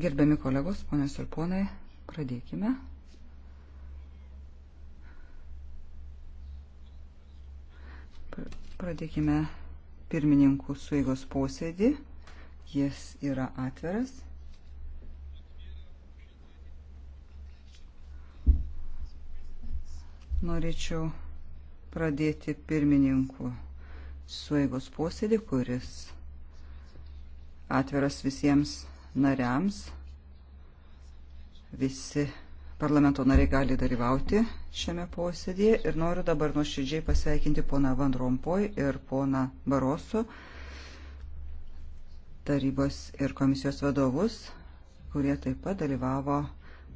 Gerbiami kolegos, ponės ir ponai, pradėkime. Pradėkime pirmininkų suėgos posėdį. Jis yra atveras. Norėčiau pradėti pirmininkų suėgos posėdį, kuris atviras visiems nariams. Visi parlamento nariai gali dalyvauti šiame posėdėje ir noriu dabar nuoširdžiai pasveikinti poną Van Rompoj ir poną Barosu, tarybos ir komisijos vadovus, kurie taip pat dalyvavo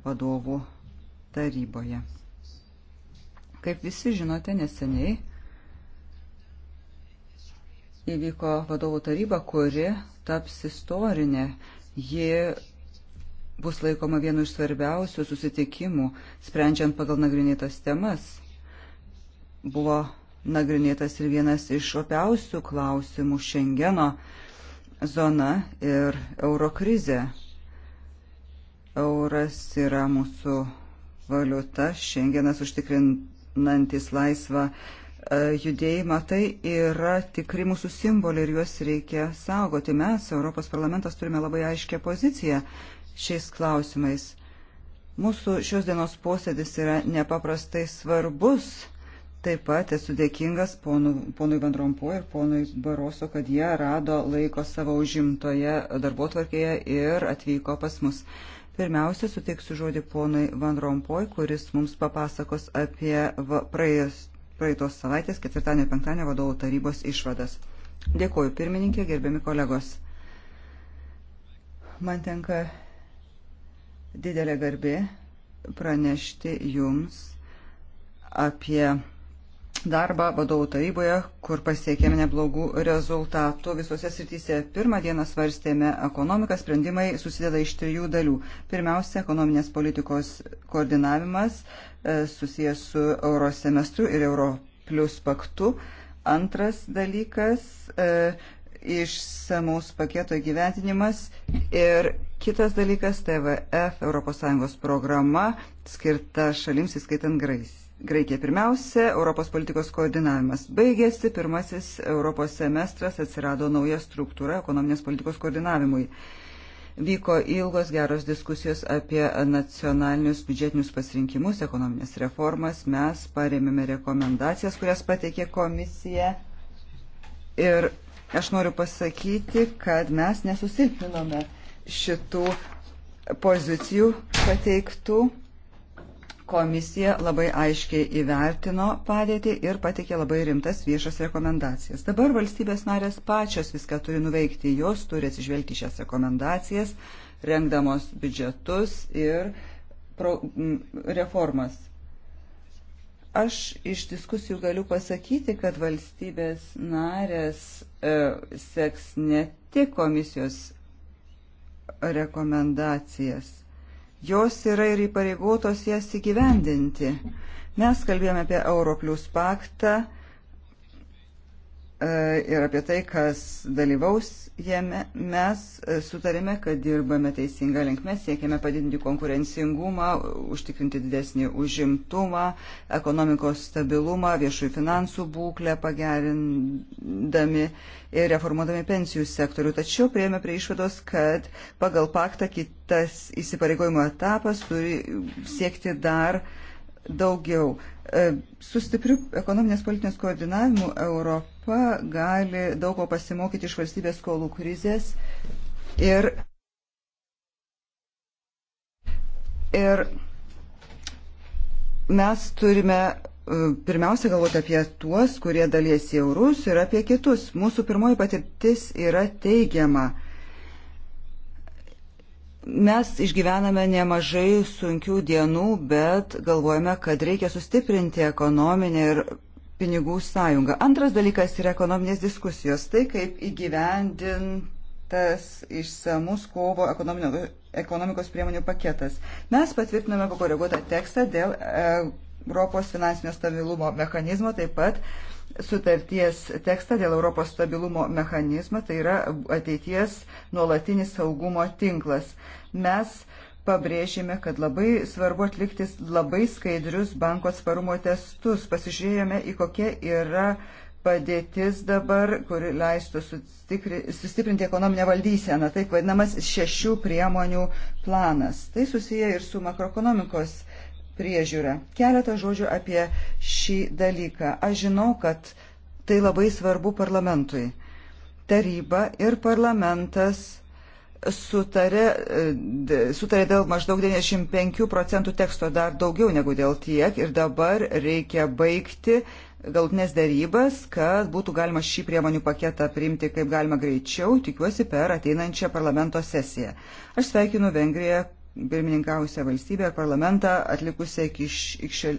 vadovų taryboje. Kaip visi žinote, neseniai įvyko vadovų taryba, kuri taps istorinė. Ji bus laikoma vienu iš svarbiausių susitikimų, sprendžiant pagal nagrinėtas temas. Buvo nagrinėtas ir vienas iš opiausių klausimų - Šengeno zona ir eurokrizė. Euras yra mūsų valiuta, Šengenas užtikrinantis laisvą E, judėjimą, tai yra tikri mūsų simboliai ir juos reikia saugoti. Mes, Europos parlamentas, turime labai aiškę poziciją šiais klausimais. Mūsų šios dienos posėdis yra nepaprastai svarbus. Taip pat esu dėkingas ponu, ponui Vandrompo ir ponui Baroso, kad jie rado laiko savo užimtoje darbo tvarkėje ir atvyko pas mus. Pirmiausia, suteiksiu žodį ponui Van Rompoj, kuris mums papasakos apie praėjus, praeitos savaitės ketvirtadienio ir penktadienio vadovų tarybos išvadas. Dėkuoju pirmininkė, gerbiami kolegos. Man tenka didelė garbė pranešti jums apie darbą vadovų taryboje, kur pasiekėme neblogų rezultatų visose srityse. Pirmą dieną svarstėme ekonomiką, sprendimai susideda iš trijų dalių. Pirmiausia, ekonominės politikos koordinavimas e, susijęs su eurosemestru ir euro plus paktu. Antras dalykas e, išsamaus paketo gyventinimas ir kitas dalykas TVF ES programa skirta šalims įskaitant Graisiją. Graikija pirmiausia, Europos politikos koordinavimas baigėsi, pirmasis Europos semestras atsirado nauja struktūra ekonominės politikos koordinavimui. Vyko ilgos geros diskusijos apie nacionalinius biudžetinius pasirinkimus, ekonominės reformas. Mes paremėme rekomendacijas, kurias pateikė komisija. Ir aš noriu pasakyti, kad mes nesusilpinome šitų pozicijų pateiktų Komisija labai aiškiai įvertino padėtį ir pateikė labai rimtas viešas rekomendacijas. Dabar valstybės narės pačios viską turi nuveikti, jos turi atsižvelgti šias rekomendacijas, rengdamos biudžetus ir pro, reformas aš iš diskusijų galiu pasakyti, kad valstybės narės e, seks ne tik komisijos rekomendacijas jos yra ir įpareigotos jas įgyvendinti. Mes kalbėjome apie Europlius paktą, E, ir apie tai, kas dalyvaus jame. Mes e, sutarėme, kad dirbame teisinga linkme, siekiame padidinti konkurencingumą, užtikrinti didesnį užimtumą, ekonomikos stabilumą, viešųjų finansų būklę pagerindami ir reformuodami pensijų sektorių. Tačiau prieėmė prie išvados, kad pagal paktą kitas įsipareigojimo etapas turi siekti dar uh, daugiau. E, su stipriu ekonominės politinės koordinavimu Europa gali daug ko pasimokyti iš valstybės skolų krizės ir, ir mes turime e, pirmiausia galvoti apie tuos, kurie daliesi eurus ir apie kitus. Mūsų pirmoji patirtis yra teigiama Mes išgyvename nemažai sunkių dienų, bet galvojame, kad reikia sustiprinti ekonominę ir pinigų sąjungą. Antras dalykas yra ekonominės diskusijos. Tai kaip įgyvendintas išsamus kovo ekonomikos priemonių paketas. Mes patvirtiname pakoreguotą tekstą dėl e, Europos finansinio stabilumo mechanizmo, taip pat uh, sutarties tekstą dėl Europos stabilumo mechanizmo, tai yra ateities nuolatinis saugumo tinklas. Mes pabrėžėme, kad labai svarbu atlikti labai skaidrius banko atsparumo testus. Pasižiūrėjome į kokia yra padėtis dabar, kuri leistų sustiprinti ekonominę valdyseną, taip vadinamas šešių priemonių planas. Tai susiję ir su makroekonomikos priežiūrą. Keletą žodžių apie šį dalyką. Aš žinau, kad tai labai svarbu parlamentui. Taryba ir parlamentas sutarė, e, sutarė dėl maždaug 95 procentų teksto dar daugiau negu dėl tiek ir dabar reikia baigti galtinės darybas, kad būtų galima šį priemonių paketą priimti kaip galima greičiau, tikiuosi, per ateinančią parlamento sesiją. Aš sveikinu Vengriją pirmininkausią valstybę ir parlamentą atlikusią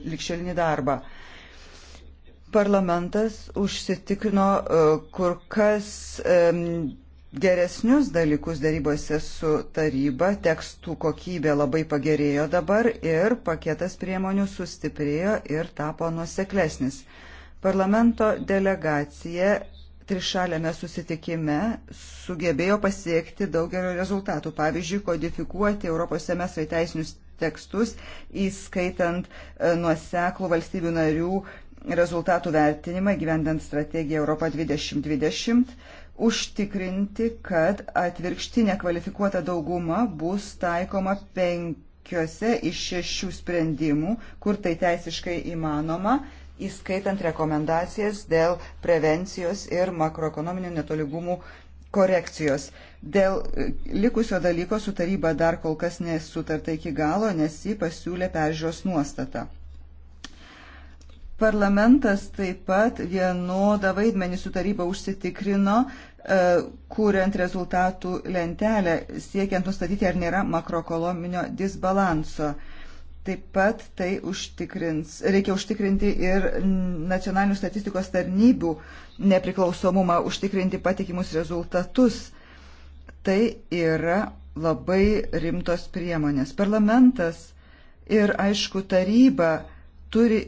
likščelinį darbą. Parlamentas užsitikrino e, kur kas geresnius dalykus darybose su taryba, tekstų kokybė labai pagerėjo dabar ir paketas priemonių sustiprėjo ir tapo nuseklesnis. Parlamento delegacija trišalėme susitikime sugebėjo pasiekti daugelio rezultatų. Pavyzdžiui, kodifikuoti Europos semestrai teisinius tekstus, įskaitant e, nuoseklų valstybių narių rezultatų vertinimą, gyvendant strategiją Europą 2020, užtikrinti, kad atvirkštinė kvalifikuota dauguma bus taikoma penkiose iš šešių sprendimų, kur tai teisiškai įmanoma įskaitant rekomendacijas dėl prevencijos ir makroekonominių netolygumų korekcijos. Dėl e, likusio dalyko su taryba dar kol kas nesutarta iki galo, nes jį pasiūlė peržiūros nuostatą. Parlamentas taip pat vienodą vaidmenį su taryba užsitikrino, e, kuriant rezultatų lentelę, siekiant nustatyti, ar nėra makroekonominio disbalanso. Taip pat tai užtikrins, reikia užtikrinti ir nacionalinių statistikos tarnybių nepriklausomumą, užtikrinti patikimus rezultatus. Tai yra labai rimtos priemonės. Parlamentas ir, aišku, taryba turi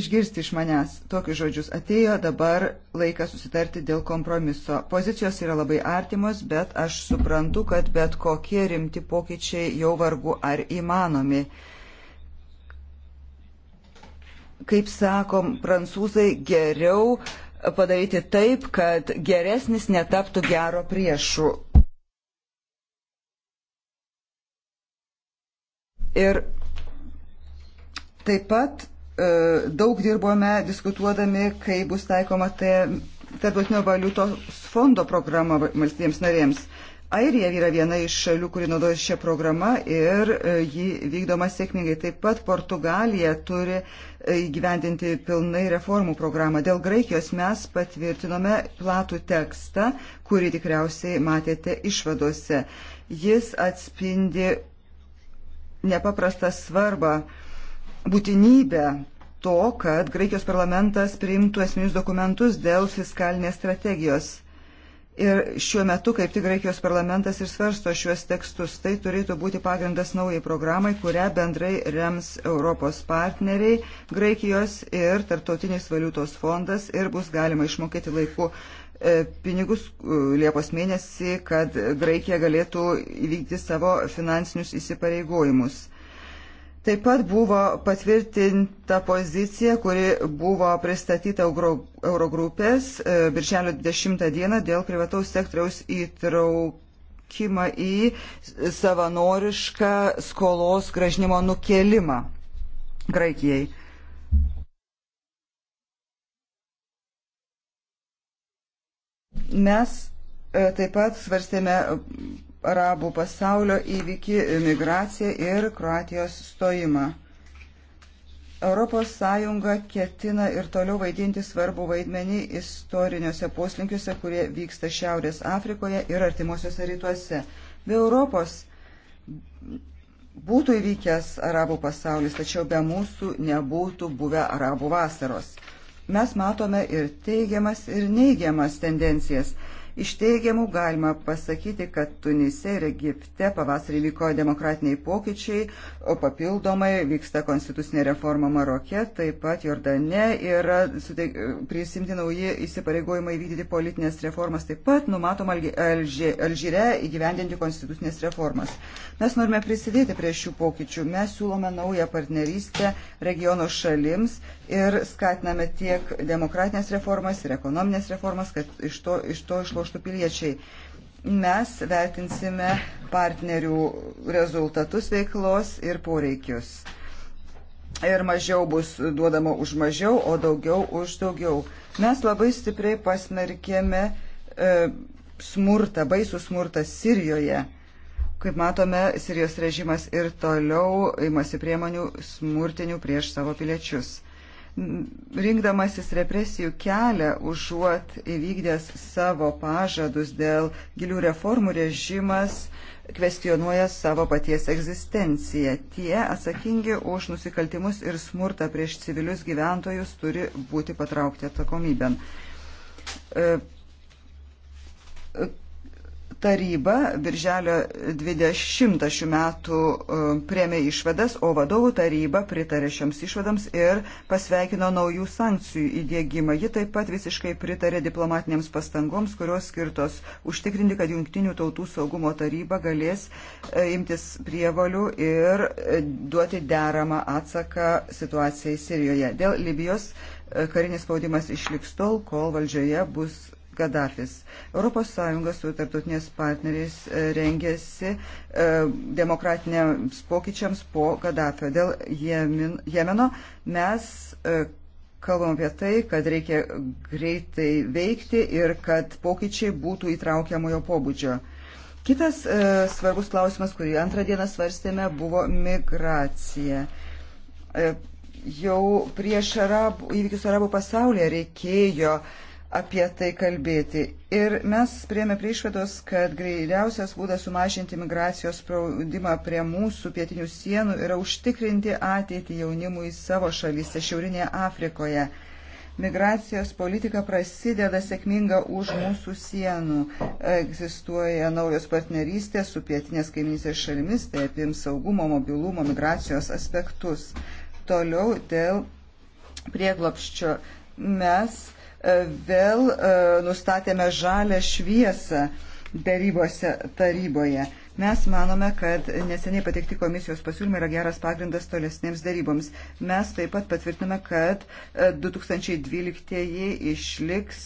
išgirsti iš manęs tokius žodžius. Atėjo dabar laikas susitarti dėl kompromiso. Pozicijos yra labai artimos, bet aš suprantu, kad bet kokie rimti pokyčiai jau vargu ar įmanomi kaip sakom, prancūzai geriau padaryti taip, kad geresnis netaptų gero priešų. Ir taip pat e, daug dirbome diskutuodami, kai bus taikoma tarptautinio valiutos fondo programa valstybėms narėms. Airija yra viena iš šalių, kuri naudoja šią programą ir e, ji vykdoma sėkmingai. Taip pat Portugalija turi e, įgyvendinti pilnai reformų programą. Dėl Graikijos mes patvirtinome platų tekstą, kurį tikriausiai matėte išvadose. Jis atspindi nepaprastą svarbą, būtinybę to, kad Graikijos parlamentas priimtų esminius dokumentus dėl fiskalinės strategijos Ir šiuo metu, kaip tik Graikijos parlamentas ir svarsto šiuos tekstus, tai turėtų būti pagrindas naujai programai, kurią bendrai rems Europos partneriai, Graikijos ir Tartautinis valiutos fondas ir bus galima išmokėti laiku e, pinigus e, Liepos mėnesį, kad Graikija galėtų įvykti savo finansinius įsipareigojimus. Taip pat buvo patvirtinta pozicija, kuri buvo pristatyta Eurogrupės e, birželio 10 dieną dėl privataus sektoriaus įtraukimą į savanorišką skolos gražnimo nukelimą Graikijai. Mes e, taip pat svarstėme arabų pasaulio įvykį, migraciją ir Kroatijos stojimą. Europos Sąjunga ketina ir toliau vaidinti svarbų vaidmenį istoriniuose poslinkiuose, kurie vyksta Šiaurės Afrikoje ir artimuosiuose rytuose. Be Europos būtų įvykęs arabų pasaulis, tačiau be mūsų nebūtų buvę arabų vasaros. Mes matome ir teigiamas, ir neigiamas tendencijas. Iš teigiamų galima pasakyti, kad Tunise ir Egipte pavasarį vyko demokratiniai pokyčiai, o papildomai vyksta konstitucinė reforma Marokė, taip pat Jordane yra prisimti nauji įsipareigojimai vykdyti politinės reformas, taip pat numatoma Alžyre įgyvendinti konstitucinės reformas. Mes norime prisidėti prie šių pokyčių. Mes siūlome naują partnerystę regiono šalims ir skatiname tiek demokratinės reformas ir ekonominės reformas, kad iš to, iš to išloštų piliečiai. Mes vertinsime partnerių rezultatus veiklos ir poreikius. Ir mažiau bus duodama už mažiau, o daugiau už daugiau. Mes labai stipriai pasmerkėme e, smurtą, baisų smurtą Sirijoje. Kaip matome, Sirijos režimas ir toliau imasi priemonių smurtinių prieš savo piliečius rinkdamasis represijų kelią, užuot įvykdęs savo pažadus dėl gilių reformų režimas, kvestionuoja savo paties egzistenciją. Tie atsakingi už nusikaltimus ir smurtą prieš civilius gyventojus turi būti patraukti atsakomybėn e, taryba birželio 20 šių metų e, priemė išvadas, o vadovų taryba pritarė šioms išvadams ir pasveikino naujų sankcijų įdėgymą. Ji taip pat visiškai pritarė diplomatinėms pastangoms, kurios skirtos užtikrinti, kad Junktinių tautų saugumo taryba galės e, imtis prievalių ir e, duoti deramą atsaką situacijai Sirijoje. Dėl Libijos karinis spaudimas išliks tol, kol valdžioje bus Gaddafis. ES su tarptautinės partneriais e, rengėsi e, demokratiniams pokyčiams po Gaddafio. Dėl Jemeno mes e, kalbam apie tai, kad reikia greitai veikti ir kad pokyčiai būtų įtraukiamojo pobūdžio. Kitas e, svarbus klausimas, kurį antrą dieną svarstėme, buvo migracija. E, jau prieš arabų, įvykius arabų pasaulyje reikėjo e, apie tai kalbėti. Ir mes prieme prie išvados, kad greičiausias būdas sumažinti migracijos spaudimą prie mūsų pietinių sienų yra užtikrinti ateitį jaunimui savo šalyse, Šiaurinėje Afrikoje. Migracijos politika prasideda sėkminga už mūsų sienų. Egzistuoja naujos partnerystės su pietinės kaiminysės šalimis, tai apims saugumo, mobilumo, migracijos aspektus. Toliau dėl prieglopščio mes E, vėl e, nustatėme žalę šviesą darybose taryboje. Mes manome, kad neseniai pateikti komisijos pasiūlymai yra geras pagrindas tolesnėms daryboms. Mes taip pat patvirtiname, kad 2012 e, išliks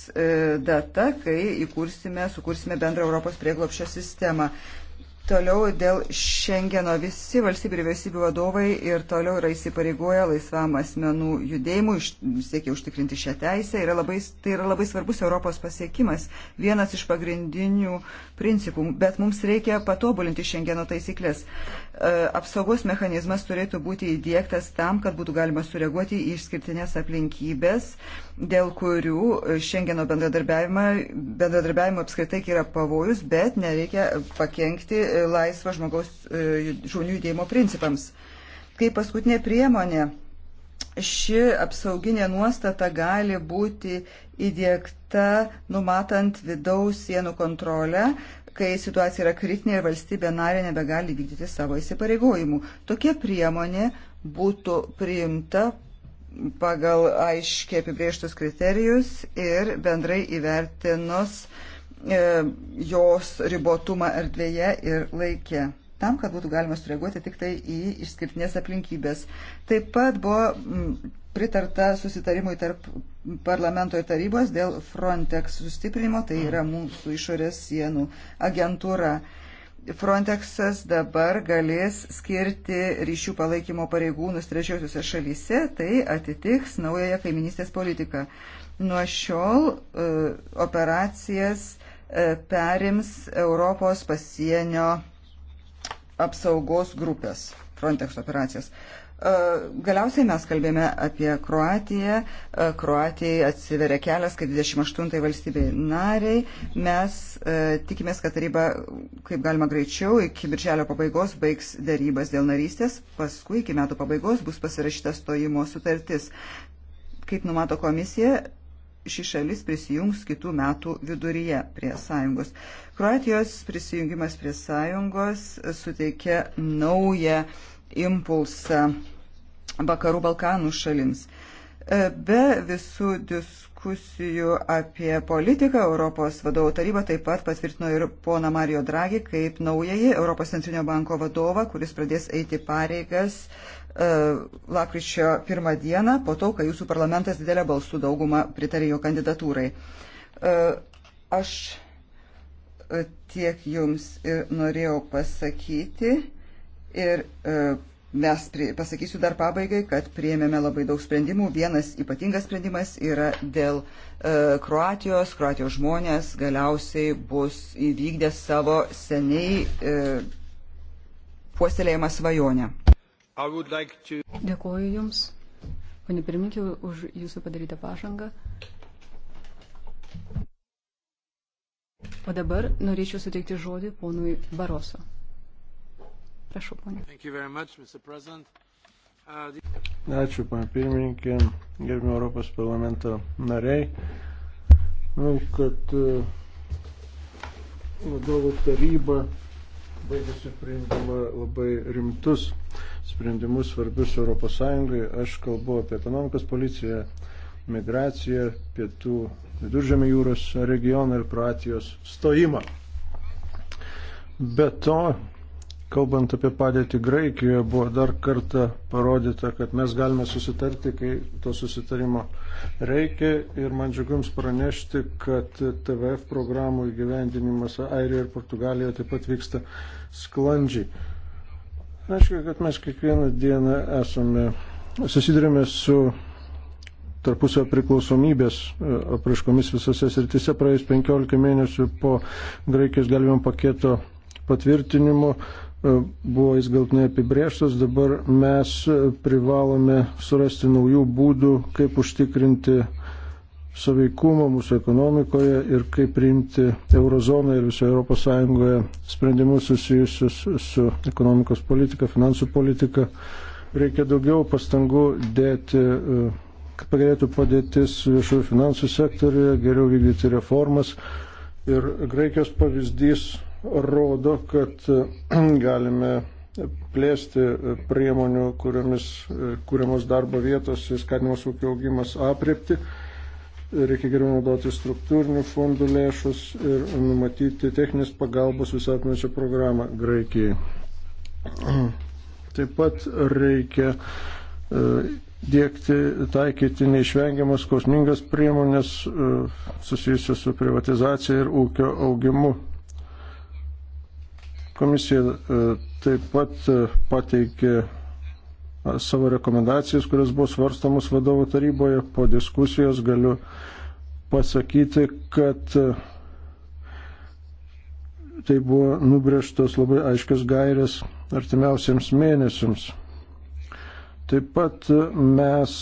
data, kai įkursime, sukursime bendrą Europos prieglopščio sistemą. Toliau dėl Šengeno visi valstybių ir vyriausybių vadovai ir toliau yra įsipareigoję laisvam asmenų judėjimui, siekia užtikrinti šią teisę. Yra labai, tai yra labai svarbus Europos pasiekimas, vienas iš pagrindinių principų, bet mums reikia patobulinti Šengeno taisyklės. E, apsaugos mechanizmas turėtų būti įdėktas tam, kad būtų galima sureaguoti į išskirtinės aplinkybės dėl kurių šiandieno bendradarbiavimo apskritai yra pavojus, bet nereikia pakengti laisvo žmogaus e, žmonių judėjimo principams. Kaip paskutinė priemonė, ši apsauginė nuostata gali būti įdėkta numatant vidaus sienų kontrolę, kai situacija yra kritinė ir valstybė narė nebegali vykdyti savo įsipareigojimų. Tokia priemonė būtų priimta pagal aiškiai apibrieštus kriterijus ir bendrai įvertinus e, jos ribotumą erdvėje ir laikė tam, kad būtų galima sureaguoti tik tai į išskirtinės aplinkybės. Taip pat buvo pritarta susitarimui tarp parlamento ir tarybos dėl Frontex sustiprinimo, tai yra mūsų išorės sienų agentūra. Frontexas dabar galės skirti ryšių palaikymo pareigūnus trečiosiuose šalyse, tai atitiks naująją kaiminystės politiką. Nuo šiol uh, operacijas uh, perims Europos pasienio apsaugos grupės Frontex operacijas. Uh, Galiausiai mes kalbėjome apie Kroatiją. E, Kroatijai atsiveria kelias, kad 28 valstybei nariai. Mes e, tikimės, kad taryba kaip galima greičiau iki birželio pabaigos baigs darybas dėl narystės. Paskui iki metų pabaigos bus pasirašyta stojimo sutartis. Kaip numato komisija, ši šalis prisijungs kitų metų viduryje prie sąjungos. Kroatijos prisijungimas prie sąjungos suteikia naują uh, impulsą vakarų Balkanų šalims. E, be visų diskusijų apie politiką Europos vadovų taryba taip pat patvirtino ir poną Mario Draghi kaip naująjį Europos centrinio banko vadovą, kuris pradės eiti pareigas e, lakryčio pirmą dieną, po to, kai jūsų parlamentas didelę balsų daugumą pritarė jo kandidatūrai. E, aš tiek jums ir norėjau pasakyti. Ir e, mes pasakysiu dar pabaigai, kad prieėmėme labai daug sprendimų. Vienas ypatingas sprendimas yra dėl e, Kroatijos. Kroatijos žmonės galiausiai bus įvykdę savo seniai e, puoselėjimą svajonę. Like to... Dėkuoju Jums, pane pirmininkė, už Jūsų padarytą pažangą. O dabar norėčiau suteikti žodį ponui Baroso. Prašau, ponė. Uh, Ačiū, pana pirmininkė, gerbimo Europos parlamento nariai. Manau, kad uh, vadovų taryba baigėsi priimdama labai rimtus sprendimus svarbius ES. Aš kalbu apie ekonomikos policiją, migraciją, pietų viduržėmė jūros regioną ir Kroatijos stojimą. Be to, Kalbant apie padėtį Graikijoje, buvo dar kartą parodyta, kad mes galime susitarti, kai to susitarimo reikia. Ir man džiugu Jums pranešti, kad TVF programų įgyvendinimas Airijoje ir Portugalijoje taip pat vyksta sklandžiai. Aišku, kad mes kiekvieną dieną esame, susidurime su tarpusio priklausomybės e, apraiškomis visose srityse praėjus 15 mėnesių po Graikijos galvimo paketo patvirtinimo buvo jis galtinai apibrėžtas, dabar mes privalome surasti naujų būdų, kaip užtikrinti saveikumą mūsų ekonomikoje ir kaip priimti eurozoną ir visoje Europos Sąjungoje sprendimus susijusius su ekonomikos politika, finansų politika. Reikia daugiau pastangų dėti, kad e, pagerėtų padėtis viešųjų finansų sektoriuje, geriau vykdyti reformas. Ir Graikijos pavyzdys rodo, kad galime plėsti priemonių, kuriomis kūriamos darbo vietos ir skatinimas ūkio augimas apriepti. Reikia geriau naudoti struktūrinių fondų lėšus ir numatyti techninės pagalbos visatmečio programą Graikijai. Taip pat reikia e, dėkti, taikyti neišvengiamas kosmingas priemonės e, susijusios su privatizacija ir ūkio augimu Komisija e, taip pat e, pateikė e, savo rekomendacijas, kurios buvo svarstamos vadovų taryboje. Po diskusijos galiu pasakyti, kad tai buvo nubrėžtos labai aiškios gairės artimiausiams mėnesiams. Taip pat mes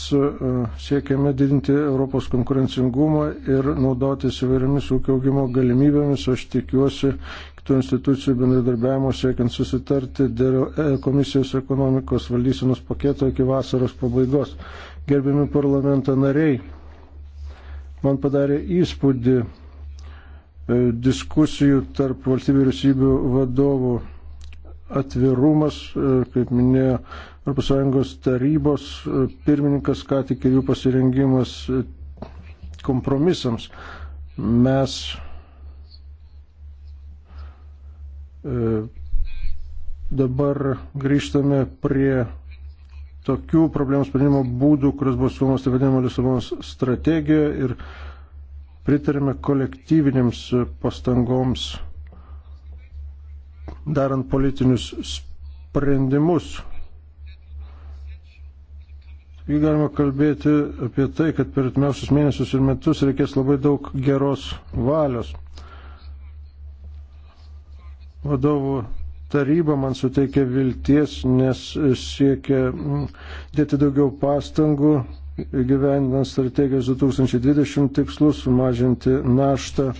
siekiame didinti Europos konkurencingumą ir naudotis įvairiomis ūkio augimo galimybėmis. Aš tikiuosi kitų institucijų bendradarbiavimo siekiant susitarti dėl e, komisijos ekonomikos valdysenos paketo iki vasaros pabaigos. Gerbiami parlamento nariai, man padarė įspūdį e, diskusijų tarp valstybių vyriausybių vadovų atvirumas, e, kaip minėjo ES tarybos pirmininkas, ką tik ir jų pasirengimas kompromisams. Mes E, dabar grįžtame prie tokių problemų sprendimo būdų, kurios buvo siūlomos taip vadinamo Lisabonos strategijoje ir pritarėme kolektyvinėms pastangoms darant politinius sprendimus. Taigi galima kalbėti apie tai, kad per atmiausius mėnesius ir metus reikės labai daug geros valios vadovų taryba man suteikia vilties, nes siekia dėti daugiau pastangų gyvendant strategijos 2020 tikslus, sumažinti naštą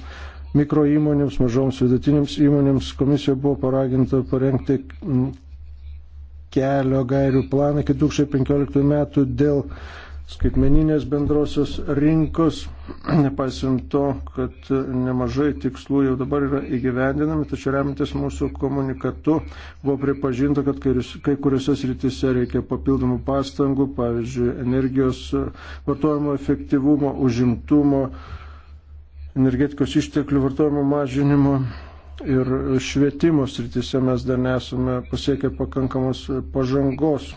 mikro įmonėms, mažoms vidutinėms įmonėms. Komisija buvo paraginta parengti kelio gairių planą iki 2015 metų dėl skaitmeninės bendrosios rinkos, nepaisant to, kad nemažai tikslų jau dabar yra įgyvendinami, tačiau remintis mūsų komunikatu buvo pripažinta, kad kai kuriuose srityse reikia papildomų pastangų, pavyzdžiui, energijos vartojimo efektyvumo, užimtumo, energetikos išteklių vartojimo mažinimo. Ir švietimo srityse mes dar nesame pasiekę pakankamos pažangos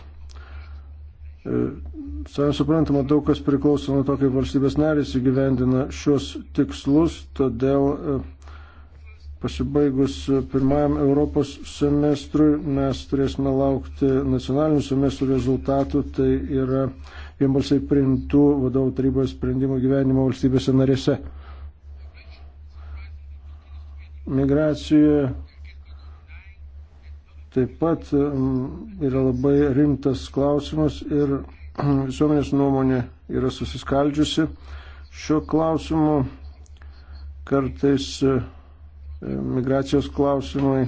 e, Savai suprantama, daug kas priklauso nuo to, kaip valstybės narys įgyvendina šios tikslus, todėl e, pasibaigus pirmajam Europos semestrui mes turėsime laukti nacionalinių semestrų rezultatų, tai yra vienbalsiai priimtų vadovų tarybos sprendimų gyvenimo valstybėse narėse. Migracija taip pat yra labai rimtas klausimas ir visuomenės nuomonė yra susiskaldžiusi šiuo klausimu. Kartais e, migracijos klausimai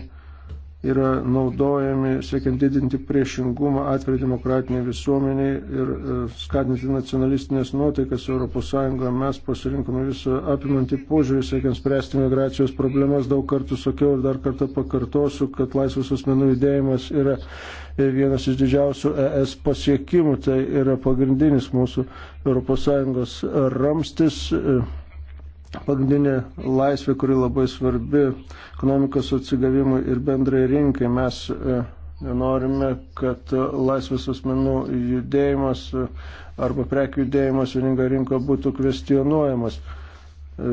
yra naudojami siekiant didinti priešingumą atvirai demokratiniai visuomeniai ir e, skatinti nacionalistinės nuotaikas ES. Mes pasirinkome visą apimantį požiūrį siekiant spręsti migracijos problemas. Daug kartų sakiau ir dar kartą pakartosiu, kad laisvas asmenų judėjimas yra e, vienas iš didžiausių ES pasiekimų. Tai yra pagrindinis mūsų ES ramstis. E, pagrindinė laisvė, kuri labai svarbi ekonomikos atsigavimui ir bendrai rinkai. Mes e, nenorime, kad laisvas asmenų judėjimas e, arba prekių judėjimas vieninga rinka būtų kvestionuojamas. E,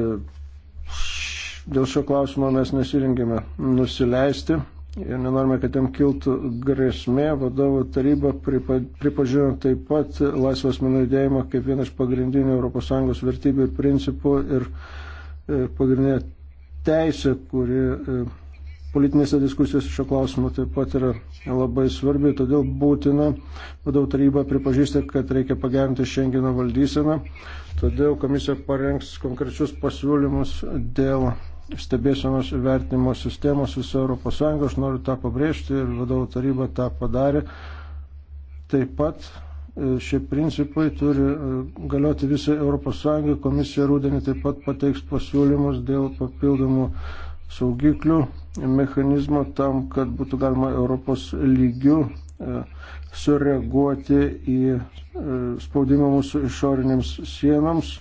dėl šio klausimo mes nesirinkime nusileisti, ir nenorime, kad jam kiltų grėsmė. Vadovų taryba pripa, pripažino taip pat laisvas menų judėjimą kaip vieną iš pagrindinių ES vertybių ir principų ir e, pagrindinė teisė, kuri e, politinėse diskusijose šio klausimu taip pat yra labai svarbi, todėl būtina, vadovų taryba pripažįsta, kad reikia pagerinti Šengino valdyseną, todėl komisija parengs konkrečius pasiūlymus dėl stebėsenos vertinimo sistemos visą Europos Sąjungą, aš noriu tą pabrėžti ir vadovų taryba tą padarė. Taip pat e, šie principai turi e, galioti visą Europos Sąjungą, komisija rūdienį taip pat pateiks pasiūlymus dėl papildomų saugiklių mechanizmo tam, kad būtų galima Europos lygių e, sureaguoti į spaudimą mūsų išorinėms sienams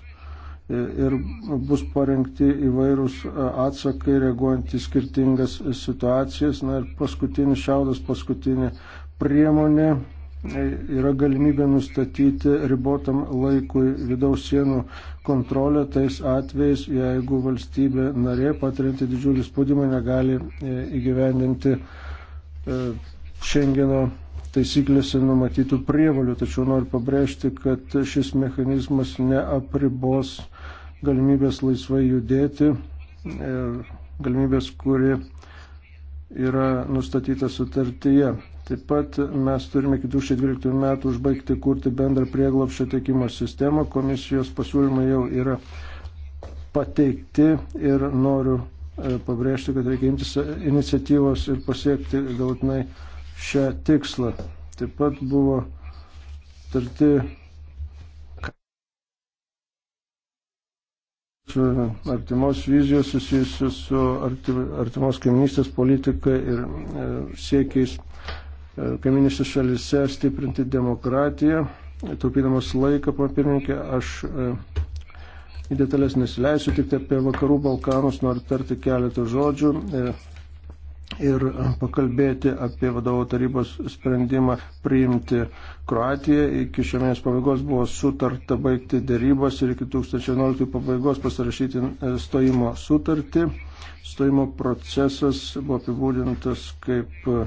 ir bus parengti įvairūs e, atsakai reaguojant į skirtingas situacijas. Na ir paskutinis šiaudas, paskutinė priemonė e, yra galimybė nustatyti ribotam laikui vidaus sienų kontrolę tais atvejais, jeigu valstybė narė patirinti didžiulį spaudimą negali e, įgyvendinti Šengeno taisyklėse numatytų prievalių, tačiau noriu pabrėžti, kad šis mechanizmas neapribos galimybės laisvai judėti ir galimybės, kuri yra nustatyta sutartyje. Taip pat mes turime iki 2012 metų užbaigti kurti bendrą prieglopščio teikimo sistemą. Komisijos pasiūlymai jau yra pateikti ir noriu e, pabrėžti, kad reikia imtis iniciatyvos ir pasiekti galutinai šią tikslą. Taip pat buvo tarti artimos vizijos susijusios su artimos kaiminystės politika ir e, siekiais e, kaiminėse šalise stiprinti demokratiją. Taupydamas laiką, papirinkė, aš e, į detalės nesileisiu, tik tai apie vakarų Balkanus noriu tarti keletą žodžių ir e, pakalbėti apie vadovo tarybos sprendimą priimti Kroatiją. Iki šiomės pabaigos buvo sutarta baigti dėrybos ir iki 2011 pabaigos pasirašyti e, stojimo sutartį. Stojimo procesas buvo apibūdintas kaip e,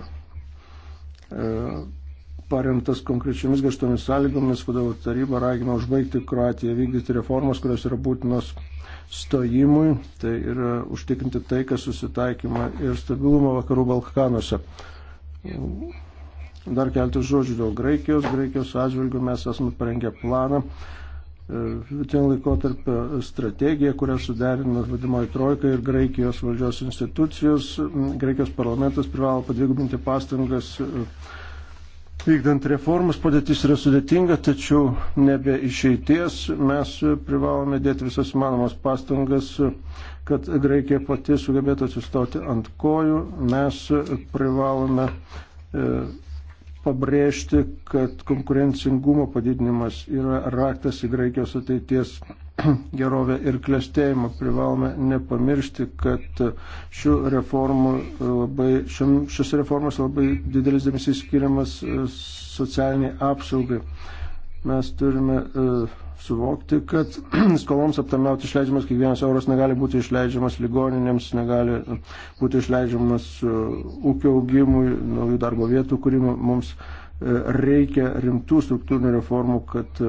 paremtas konkrečiomis grįžtomis sąlygomis, vadovų taryba ragina užbaigti Kroatiją vykdyti reformas, kurios yra būtinos stojimui, tai yra užtikrinti taiką, susitaikymą ir stabilumą vakarų Balkanuose. Dar keltų žodžių dėl Graikijos. Graikijos atžvilgių mes esame parengę planą e, vidutinio laikotarpio strategija, kurią suderino vadimoji trojka ir Graikijos valdžios institucijos. Graikijos parlamentas privalo padvigubinti pastangas Vykdant reformas padėtis yra sudėtinga, tačiau nebe išeities mes privalome dėti visas manomas pastangas, kad Graikija pati sugebėtų atsistoti ant kojų. Mes privalome e, pabrėžti, kad konkurencingumo padidinimas yra raktas į Graikijos ateities gerovę ir klestėjimą. Privalome nepamiršti, kad šių reformų e, labai, šiam, šios reformos labai didelis dėmesys skiriamas e, socialiniai apsaugai. Mes turime uh, suvokti, kad skoloms aptarnauti išleidžiamas kiekvienas euras negali būti išleidžiamas ligoninėms, negali e, būti išleidžiamas e, ūkio augimui, naujų darbo vietų kūrimui. Mums e, reikia rimtų struktūrinių reformų, kad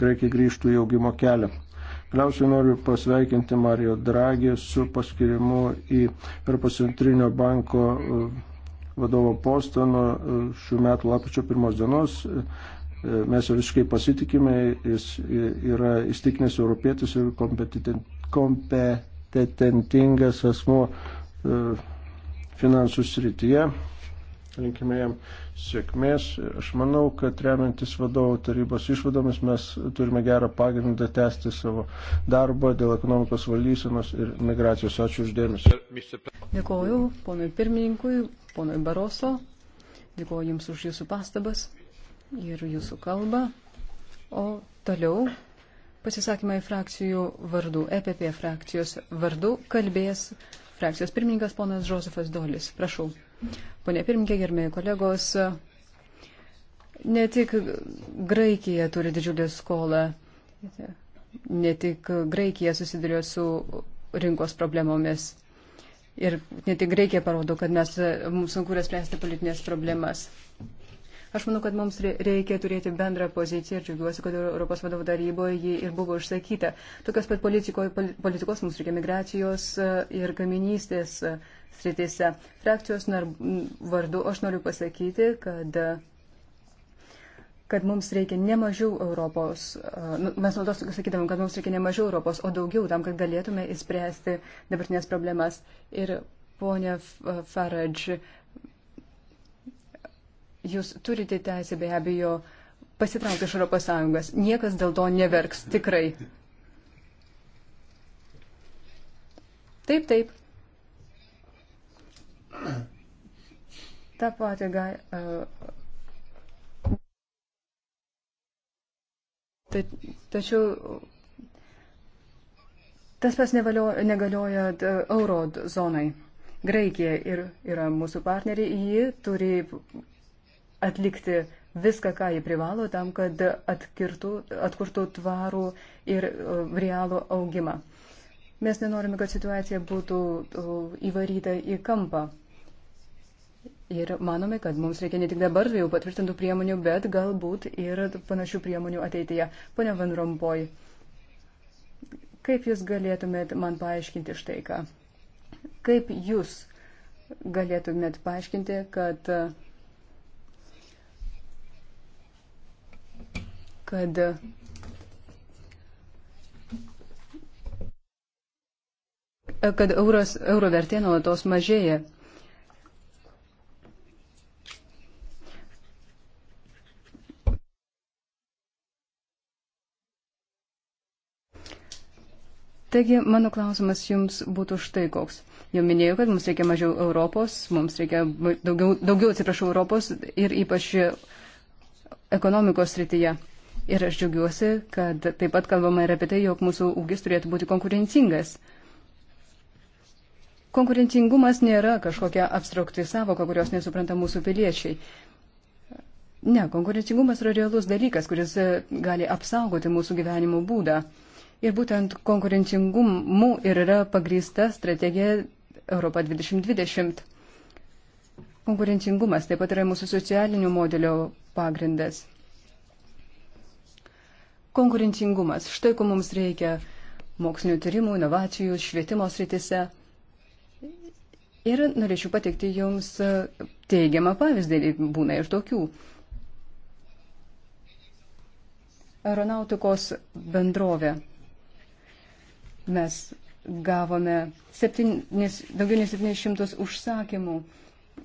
greikiai grįžtų į augimo kelią. Galiausiai noriu pasveikinti Mario Dragį su paskirimu į Europos centrinio banko vadovo postą nuo šių metų lapkričio pirmos dienos. E, mes jo visiškai pasitikime, jis yra įstikinęs europietis ir kompetentingas asmo e, finansų srityje. Linkime jam sėkmės. Aš manau, kad remiantis vadovo tarybos išvadomis mes turime gerą pagrindą tęsti savo darbą dėl ekonomikos valdysenos ir migracijos. Ačiū uždėmesi. Dėkuoju ponui pirmininkui, ponui Baroso. Dėkuoju Jums už Jūsų pastabas ir jūsų kalbą. O toliau pasisakymai frakcijų vardų, EPP frakcijos vardų kalbės frakcijos pirmininkas ponas Josefas Dolis. Prašau. Pone pirmininkė, gerbėjai kolegos, ne tik Graikija turi didžiulę skolą, ne tik Graikija susiduria su rinkos problemomis. Ir ne tik Graikija parodo, kad mes, mums sunku yra spręsti politinės problemas. Aš manau, kad mums reikia turėti bendrą poziciją ir džiugiuosi, kad Europos vadovų taryboje ji ir buvo išsakyta. Tokios pat politiko, politikos mums reikia migracijos e, ir kaiminystės e, sritise. Frakcijos vardu aš noriu pasakyti, kad e, kad mums reikia ne mažiau Europos, nu, mes naudos sakydavom, kad mums reikia ne mažiau Europos, o daugiau tam, kad galėtume įspręsti dabartinės problemas. Ir ponia Farage, jūs turite teisę be abejo pasitraukti iš Europos Sąjungos. Niekas dėl to neverks, tikrai. Taip, taip. Ta pati gai. Uh, e, ta, tačiau tas pas negalioja e, euro zonai. Graikija ir yra mūsų partneriai, ji turi atlikti viską, ką jį privalo, tam, kad atkirtų, atkurtų tvarų ir e, realų augimą. Mes nenorime, kad situacija būtų e, įvaryta į kampą. Ir manome, kad mums reikia ne tik dabar jau patvirtintų priemonių, bet galbūt ir panašių priemonių ateityje. Pone Van Rompoj, kaip Jūs galėtumėt man paaiškinti štai ką? Kaip Jūs galėtumėt paaiškinti, kad uh, kad kad euros, euro vertė nuolatos mažėja. Taigi, mano klausimas jums būtų štai koks. Jau minėjau, kad mums reikia mažiau Europos, mums reikia daugiau, daugiau atsiprašau, Europos ir ypač ekonomikos srityje. Ir aš džiaugiuosi, kad taip pat kalbama ir apie tai, jog mūsų ūkis turėtų būti konkurencingas. Konkurencingumas nėra kažkokia abstrakti savoka, kurios nesupranta mūsų piliečiai. Ne, konkurencingumas yra realus dalykas, kuris e, gali apsaugoti mūsų gyvenimo būdą. Ir būtent konkurencingumu ir yra pagrįsta strategija Europa 2020. Konkurencingumas taip pat yra mūsų socialinių modelio pagrindas konkurencingumas. Štai ko mums reikia mokslinio tyrimų, inovacijų, švietimo sritise. Ir norėčiau pateikti Jums e, teigiamą pavyzdį, būna ir tokių. Aeronautikos bendrovė. Mes gavome septynis, daugiau nei 700 užsakymų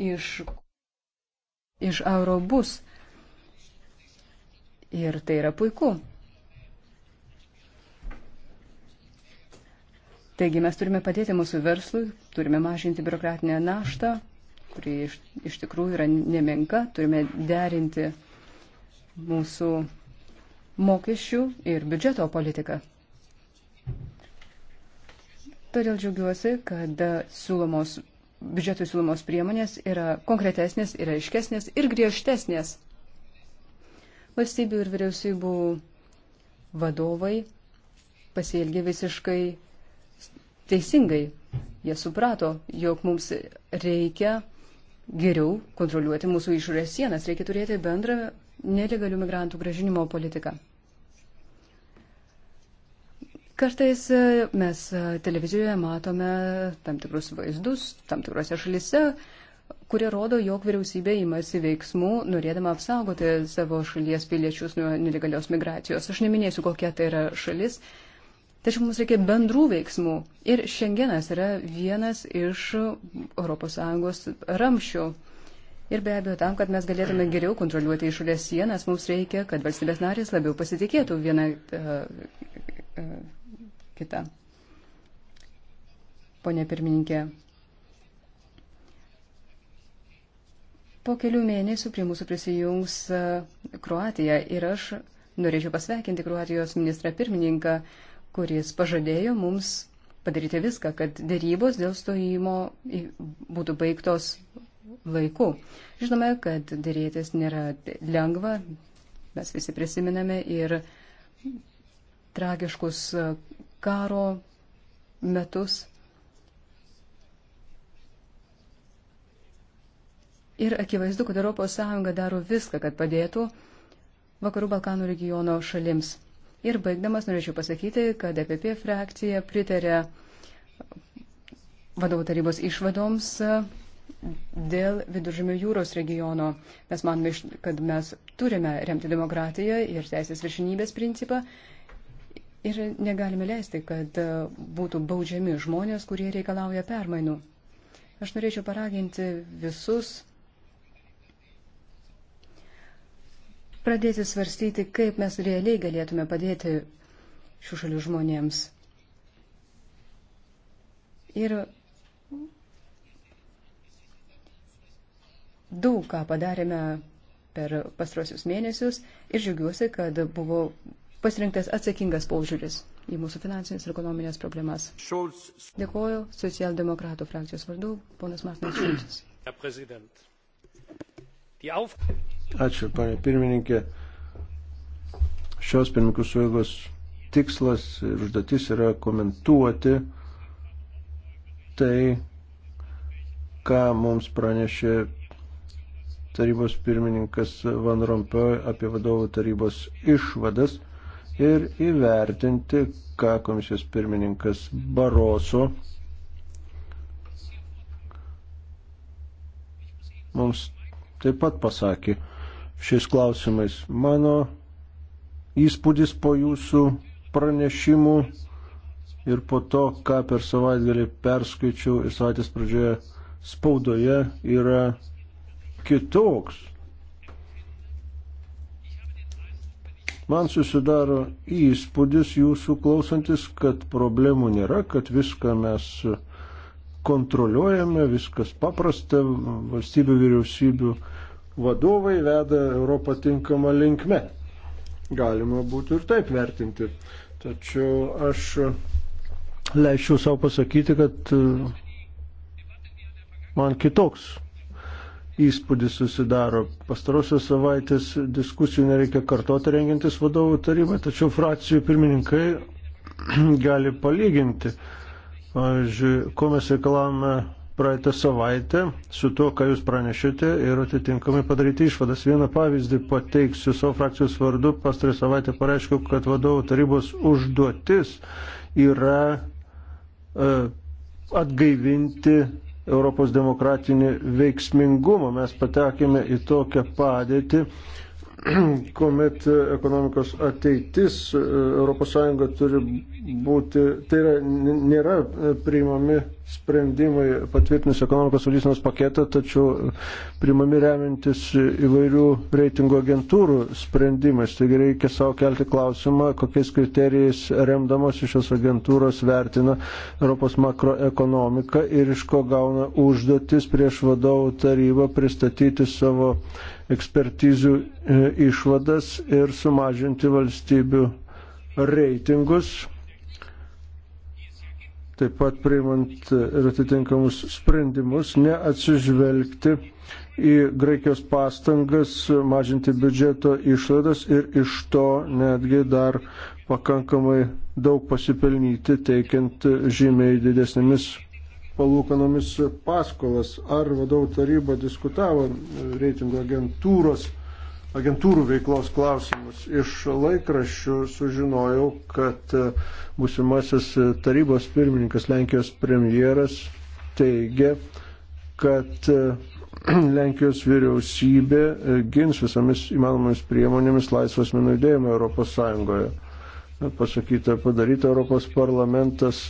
iš, iš Eurobus. Ir tai yra puiku. Taigi mes turime padėti mūsų verslui, turime mažinti biurokratinę naštą, kuri iš, iš tikrųjų yra nemenka, turime derinti mūsų mokesčių ir biudžeto politiką. Todėl džiaugiuosi, kad siūlomos, biudžetui siūlomos priemonės yra konkretesnės, yra aiškesnės ir griežtesnės. Valstybių ir vyriausybių vadovai pasielgia visiškai teisingai. Jie suprato, jog mums reikia geriau kontroliuoti mūsų išorės sienas, reikia turėti bendrą nelegalių migrantų gražinimo politiką. Kartais e, mes e, televizijoje matome tam tikrus vaizdus, tam tikrose šalise, kurie rodo, jog vyriausybė imasi veiksmų, norėdama apsaugoti savo šalies piliečius nuo nelegalios migracijos. Aš neminėsiu, kokia tai yra šalis, Tačiau mums reikia bendrų veiksmų. Ir šiandienas yra vienas iš ES ramšių. Ir be abejo, tam, kad mes galėtume geriau kontroliuoti išorės sienas, mums reikia, kad valstybės narės labiau pasitikėtų viena uh, uh, kita. Pone pirmininkė, po kelių mėnesių prie mūsų prisijungs e, Kroatija ir aš norėčiau pasveikinti Kroatijos ministrą pirmininką uh, kuris pažadėjo mums padaryti viską, kad dėrybos dėl stojimo būtų baigtos laiku. Žinome, kad dėrėtis nėra lengva, mes visi prisiminame ir tragiškus e, karo metus. Ir akivaizdu, kad ES daro viską, kad padėtų Vakarų Balkanų regiono šalims. Ir baigdamas norėčiau pasakyti, kad EPP frakcija pritarė vadovų tarybos išvadoms e, dėl viduržymio jūros regiono. Mes manome, kad mes turime remti demokratiją ir teisės viršinybės principą ir negalime leisti, kad e, būtų baudžiami žmonės, kurie reikalauja permainų. Aš norėčiau paraginti visus pradėti svarstyti, kaip mes realiai galėtume padėti šių šalių žmonėms. Ir daug ką padarėme per pastrosius mėnesius ir džiaugiuosi, kad buvo pasirinktas atsakingas požiūris į mūsų finansinės ir ekonominės problemas. Dėkuoju socialdemokratų frakcijos vardu, ponas Martinas Šulcis. Ačiū, panė pirmininkė. Šios pirmininkų suėgos tikslas ir užduotis yra komentuoti tai, ką mums pranešė tarybos pirmininkas Van Rompuy apie vadovų tarybos išvadas ir įvertinti, ką komisijos pirmininkas Baroso mums taip pat pasakė šiais klausimais. Mano įspūdis po jūsų pranešimų ir po to, ką per savaitgalį perskaičiau ir savaitės pradžioje spaudoje, yra kitoks. Man susidaro įspūdis jūsų klausantis, kad problemų nėra, kad viską mes kontroliuojame, viskas paprasta, valstybių vyriausybių vadovai veda Europą tinkamą linkme. Galima būtų ir taip vertinti. Tačiau aš leisčiau savo pasakyti, kad e, man kitoks įspūdis susidaro. Pastarosios savaitės diskusijų nereikia kartoti rengintis vadovų tarybai, tačiau frakcijų pirmininkai gali palyginti. Pavyzdžiui, ko mes reikalavome praeitą savaitę su tuo, ką jūs pranešėte ir atitinkamai padaryti išvadas. Vieną pavyzdį pateiksiu savo frakcijos vardu. Pastarą savaitę pareiškiau, kad vadovų tarybos užduotis yra uh, atgaivinti Europos demokratinį veiksmingumą. Mes patekėme į tokią padėtį, uh, kuomet ekonomikos ateitis ES turi būti, tai yra, nėra priimami sprendimai patvirtinus ekonomikos valdysenos paketą, tačiau priimami remintis įvairių reitingų agentūrų sprendimais. Taigi reikia savo kelti klausimą, kokiais kriterijais remdamos šios agentūros vertina Europos makroekonomiką ir iš ko gauna užduotis prieš vadovų tarybą pristatyti savo ekspertizių e, išvadas ir sumažinti valstybių reitingus, taip pat priimant ir atitinkamus sprendimus, neatsižvelgti į Graikijos pastangas mažinti biudžeto išlaidas ir iš to netgi dar pakankamai daug pasipelnyti, teikiant žymiai didesnėmis palūkanomis paskolas. Ar vadovų taryba diskutavo reitingo agentūros, agentūrų veiklos klausimus? Iš laikraščių sužinojau, kad e, būsimasis tarybos pirmininkas Lenkijos premjeras teigia, kad e, Lenkijos vyriausybė e, gins visomis įmanomomis priemonėmis laisvas menų judėjimą Europos Sąjungoje pasakyta padaryta, Europos parlamentas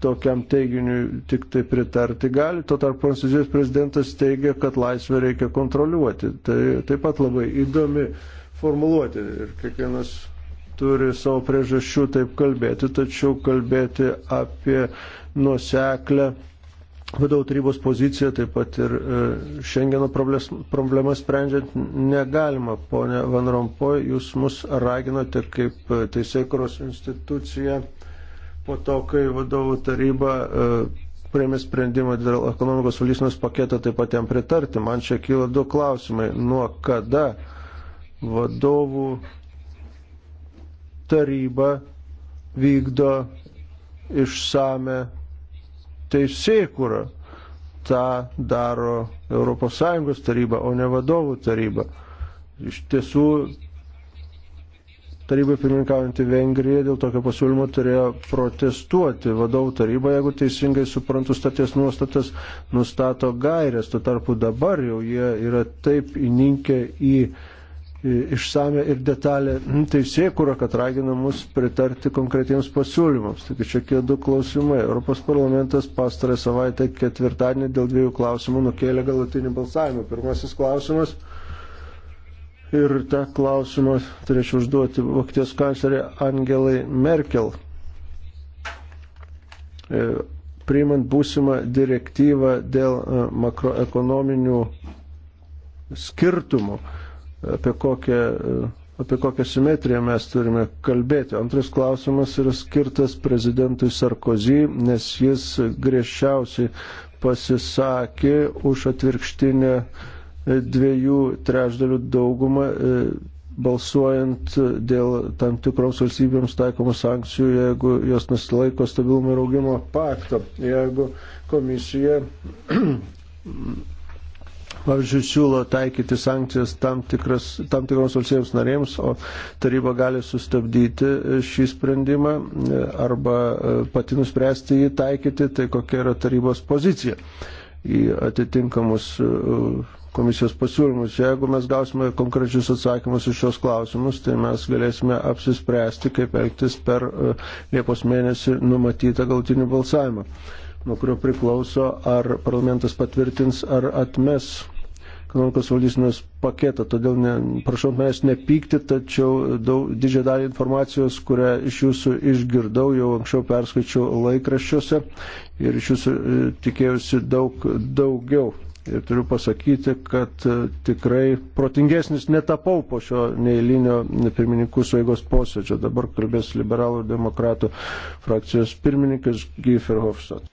tokiam teiginiui tik tai pritarti gali. Tuo tarp prancūzijos prezidentas teigia, kad laisvę reikia kontroliuoti. Tai taip pat labai įdomi formuluoti ir kiekvienas turi savo priežasčių taip kalbėti, tačiau kalbėti apie nuseklę vadovų tarybos poziciją, taip pat ir e, šiandieno problemas sprendžiant negalima. Pone Van Rompoj, jūs mus raginote kaip e, teisėkuros institucija po to, kai vadovų taryba e, priėmė sprendimą dėl ekonomikos valdysenos paketo, taip pat jam pritarti. Man čia kyla du klausimai. Nuo kada vadovų taryba vykdo išsame teisėkurą? Ta daro ES taryba, o ne vadovų taryba. Iš tiesų tarybai pirmininkaujantį Vengriją dėl tokio pasiūlymo turėjo protestuoti vadovų taryba, jeigu teisingai suprantu staties nuostatas, nustato gairės, tuo tarpu dabar jau jie yra taip įninkę į išsame ir detalę teisėkurą, kad ragina mus pritarti konkretiems pasiūlymams. Taigi čia kie du klausimai. Europos parlamentas pastarą savaitę ketvirtadienį dėl dviejų klausimų nukėlė galutinį balsavimą. Pirmasis klausimas Ir tą klausimą turėčiau užduoti Vokietijos kanclerė Angelai Merkel. E, priimant būsimą direktyvą dėl e, makroekonominių skirtumų, apie kokią, e, apie kokią simetriją mes turime kalbėti. Antras klausimas yra skirtas prezidentui Sarkozy, nes jis griežčiausiai pasisakė už atvirkštinę uh, dviejų trešdalių daugumą e, balsuojant dėl tam tikros valstybėms taikomų sankcijų, jeigu jos nesilaiko stabilumo ir augimo pakto. Jeigu komisija, pavyzdžiui, siūlo taikyti sankcijas tam, tikras, tam tikroms valstybėms narėms, o taryba gali sustabdyti e, šį sprendimą e, arba pati nuspręsti jį taikyti, tai kokia yra tarybos pozicija į atitinkamus komisijos pasiūlymus. Jeigu mes gausime konkrečius atsakymus iš šios klausimus, tai mes galėsime apsispręsti, kaip elgtis per e, Liepos mėnesį numatytą gautinį balsavimą, nuo kurio priklauso, ar parlamentas patvirtins ar atmes ekonomikos valdysenos paketą. Todėl ne, prašau mes nepykti, tačiau daug, didžią dalį informacijos, kurią iš jūsų išgirdau, jau anksčiau perskaičiau laikraščiuose ir iš jūsų e, tikėjusi daug daugiau. Ir turiu pasakyti, kad e, tikrai protingesnis netapau po šio neįlinio pirmininkų sueigos posėdžio. Dabar kalbės liberalų ir demokratų frakcijos pirmininkas Giefer Hofstadt.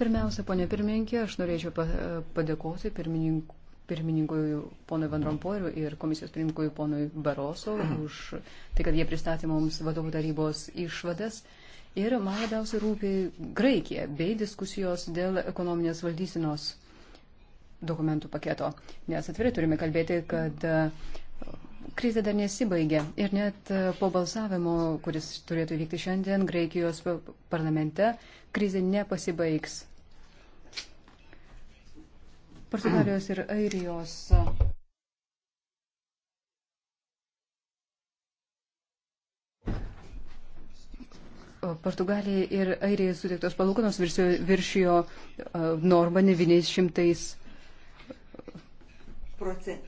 Pirmiausia, ponė pirmininkė, aš norėčiau e, padėkoti pirmininkų pirmininkui ponui Van Rompueriu ir komisijos pirmininkui ponui Baroso už tai, kad jie pristatė mums vadovų tarybos išvadas. Ir man labiausiai rūpi Graikija bei diskusijos dėl ekonominės valdysinos dokumentų paketo. Nes atvirai turime kalbėti, kad e, krizė dar nesibaigė. Ir net e, po balsavimo, kuris turėtų vykti šiandien Graikijos parlamente, krizė nepasibaigs. Portugalijos ir Airijos. E, Portugalijai ir Airijai sutiktos palūkanos viršijo, viršijo uh, normą 900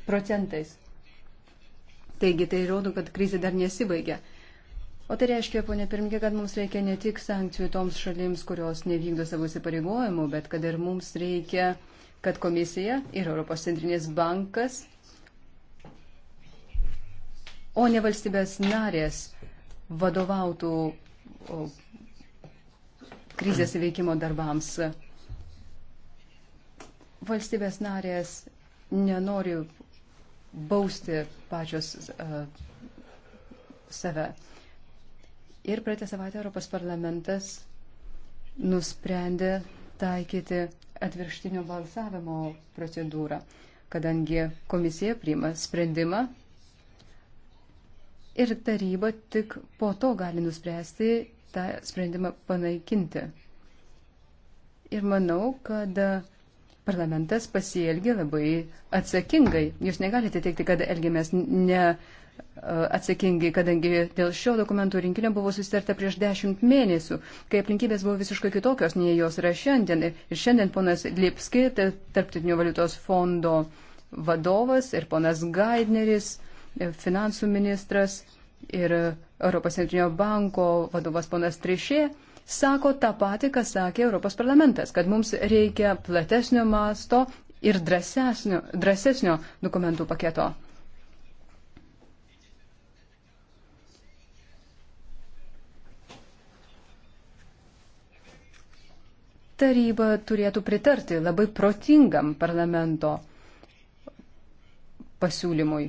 procentais. Taigi tai rodo, kad krizė dar nesibaigia. O tai reiškia, ponė pirmininkė, kad mums reikia ne tik sankcijų toms šalims, kurios nevykdo savo įsipareigojimų, bet kad ir mums reikia, kad komisija ir Europos centrinės bankas, o ne valstybės narės vadovautų krizės įveikimo darbams. Valstybės narės nenori bausti pačios uh, save. Ir praeitą savaitę Europos parlamentas nusprendė taikyti atvirkštinio balsavimo procedūrą, kadangi komisija priima sprendimą ir taryba tik po to gali nuspręsti tą sprendimą panaikinti. Ir manau, kad parlamentas pasielgė labai atsakingai. Jūs negalite teikti, kad elgėmės ne e, atsakingai, kadangi dėl šio dokumentų rinkinio buvo susitarta prieš dešimt mėnesių, kai aplinkybės buvo visiškai kitokios, nei jos yra šiandien. Ir šiandien ponas Lipski, Tarptautinio valiutos fondo vadovas, ir ponas Gaidneris, e, finansų ministras, ir Europos centrinio banko vadovas ponas Trišė sako tą patį, ką sakė Europos parlamentas, kad mums reikia platesnio masto ir drąsesnio, drąsesnio dokumentų paketo. Taryba turėtų pritarti labai protingam parlamento pasiūlymui.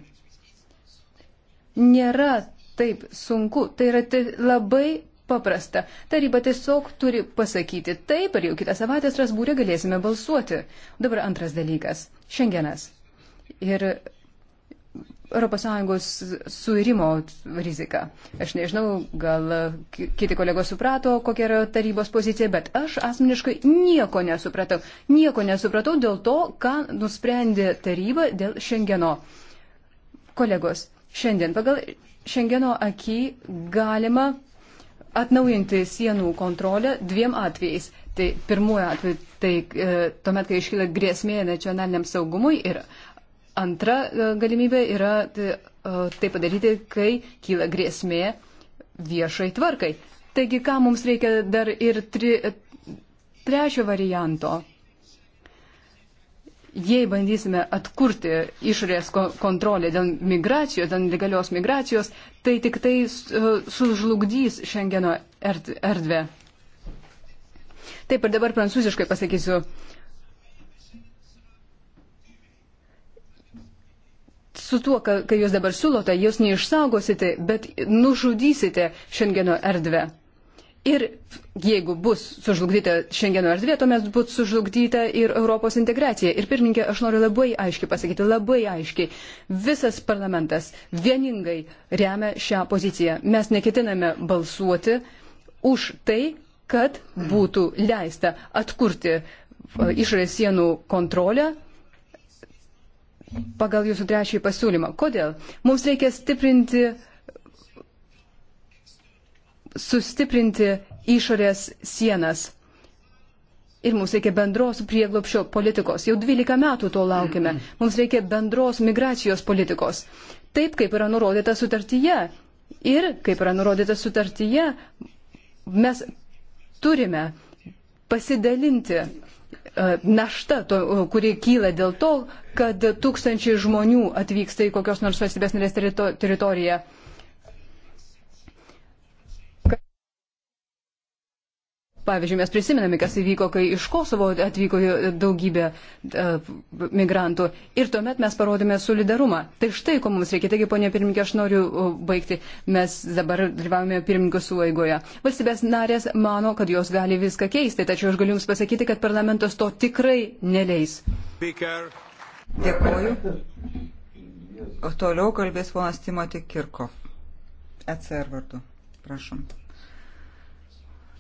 Nėra taip sunku, tai yra tai labai paprasta. Taryba tiesiog turi pasakyti taip ir jau kitą savaitę Strasbūrė galėsime balsuoti. Dabar antras dalykas - šiandienas. Ir ES suirimo rizika. Aš nežinau, gal kiti kolegos suprato, kokia yra tarybos pozicija, bet aš asmeniškai nieko nesupratau. Nieko nesupratau dėl to, ką nusprendė taryba dėl šiandieno. Kolegos, šiandien pagal šiandieno akį galima atnaujinti sienų kontrolę dviem atvejais. Tai pirmuoju atveju, tai e, tuomet, kai iškyla grėsmė nacionaliniam saugumui ir antra e, galimybė yra tai, e, tai padaryti, kai kyla grėsmė viešai tvarkai. Taigi, ką mums reikia dar ir tri, e, trečio varianto? jei bandysime atkurti išorės kontrolę dėl migracijos, dėl legalios migracijos, tai tik tai e, sužlugdys Šengeno erdvę. Taip ir dabar prancūziškai pasakysiu. Su tuo, kai jūs dabar siūlote, jūs neišsaugosite, bet nužudysite Šengeno erdvę. Ir jeigu bus sužlugdyta Šengeno erdvė, tuomet bus sužlugdyta ir Europos integracija. Ir pirmininkė, aš noriu labai aiškiai pasakyti, labai aiškiai, visas parlamentas vieningai remia šią poziciją. Mes neketiname balsuoti už tai, kad būtų leista atkurti e, išorės sienų kontrolę pagal jūsų trečiąjį pasiūlymą. Kodėl? Mums reikia stiprinti sustiprinti išorės sienas. Ir mums reikia bendros prieglopšio politikos. Jau 12 metų to laukime. Mums reikia bendros migracijos politikos. Taip, kaip yra nurodyta sutartyje. Ir, kaip yra nurodyta sutartyje, mes turime pasidalinti e, našta, to, kuri kyla dėl to, kad tūkstančiai žmonių atvyksta į kokios nors valstybės narės teritoriją. Pavyzdžiui, mes prisimename, kas įvyko, kai iš Kosovo atvyko daugybė uh, migrantų ir tuomet mes parodėme solidarumą. Tai štai, ko mums reikia. Taigi, ponė pirmininkė, aš noriu e, baigti. Mes dabar dalyvavome pirmininkų suvaigoje. Valstybės narės mano, kad jos gali viską keisti, tačiau aš galiu Jums pasakyti, kad parlamentas to tikrai neleis. Speaker. Dėkoju. O toliau kalbės ponas Timoti Kirkov. ECR vardu. Prašom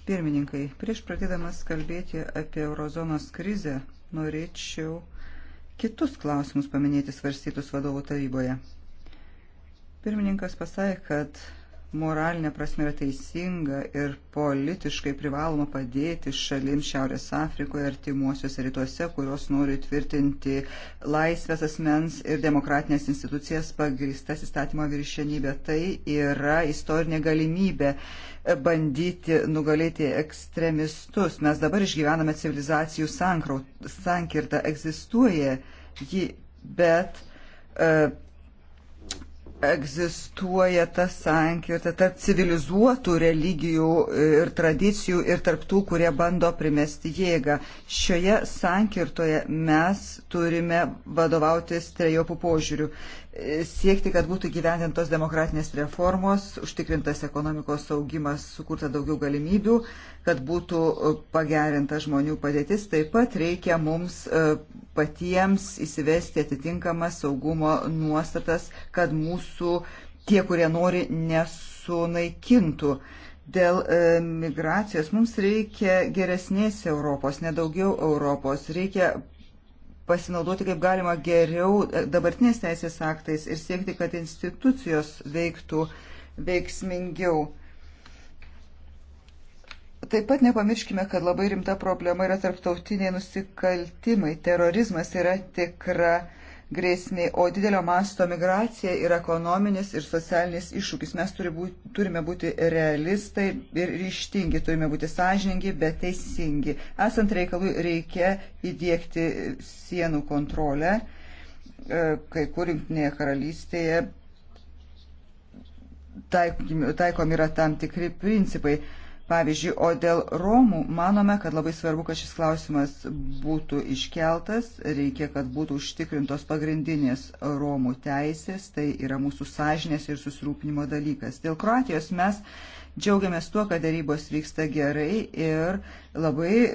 pirmininkai, prieš pradėdamas kalbėti apie eurozonos krizę, norėčiau kitus klausimus paminėti svarstytus vadovų taryboje. Pirmininkas pasakė, kad moralinė prasme yra teisinga ir politiškai privaloma padėti šalim Šiaurės Afrikoje ir timuosiuose rytuose, kurios nori tvirtinti laisvės asmens ir demokratinės institucijas pagristas įstatymo viršienybė. Tai yra istorinė galimybė bandyti nugalėti ekstremistus. Mes dabar išgyvename civilizacijų sankirtą, egzistuoja ji, bet e, egzistuoja ta sankirta tarp civilizuotų religijų ir tradicijų ir tarp tų, kurie bando primesti jėgą. Šioje sankirtoje mes turime vadovautis trejopų požiūrių siekti, kad būtų gyvendintos demokratinės reformos, užtikrintas ekonomikos saugimas, sukurta daugiau galimybių, kad būtų e, pagerinta žmonių padėtis. Taip pat reikia mums e, patiems įsivesti atitinkamas saugumo nuostatas, kad mūsų tie, kurie nori, nesunaikintų. Dėl e, migracijos mums reikia geresnės Europos, nedaugiau Europos, reikia pasinaudoti kaip galima geriau e, dabartinės teisės aktais ir siekti, kad institucijos veiktų veiksmingiau. Taip pat nepamirškime, kad labai rimta problema yra tarptautiniai nusikaltimai. Terorizmas yra tikra grėsmiai, o didelio masto migracija yra ekonominis ir socialinis iššūkis. Mes turi būti, turime būti realistai ir ryštingi, turime būti sąžiningi, bet teisingi. Esant reikalui reikia įdėkti sienų kontrolę, e, kai kur rinktinėje karalystėje taikomi yra tam tikri principai Pavyzdžiui, o dėl Romų manome, kad labai svarbu, kad šis klausimas būtų iškeltas, reikia, kad būtų užtikrintos pagrindinės Romų teisės, tai yra mūsų sąžinės ir susirūpinimo dalykas. Dėl Kroatijos mes džiaugiamės tuo, kad darybos vyksta gerai ir labai e,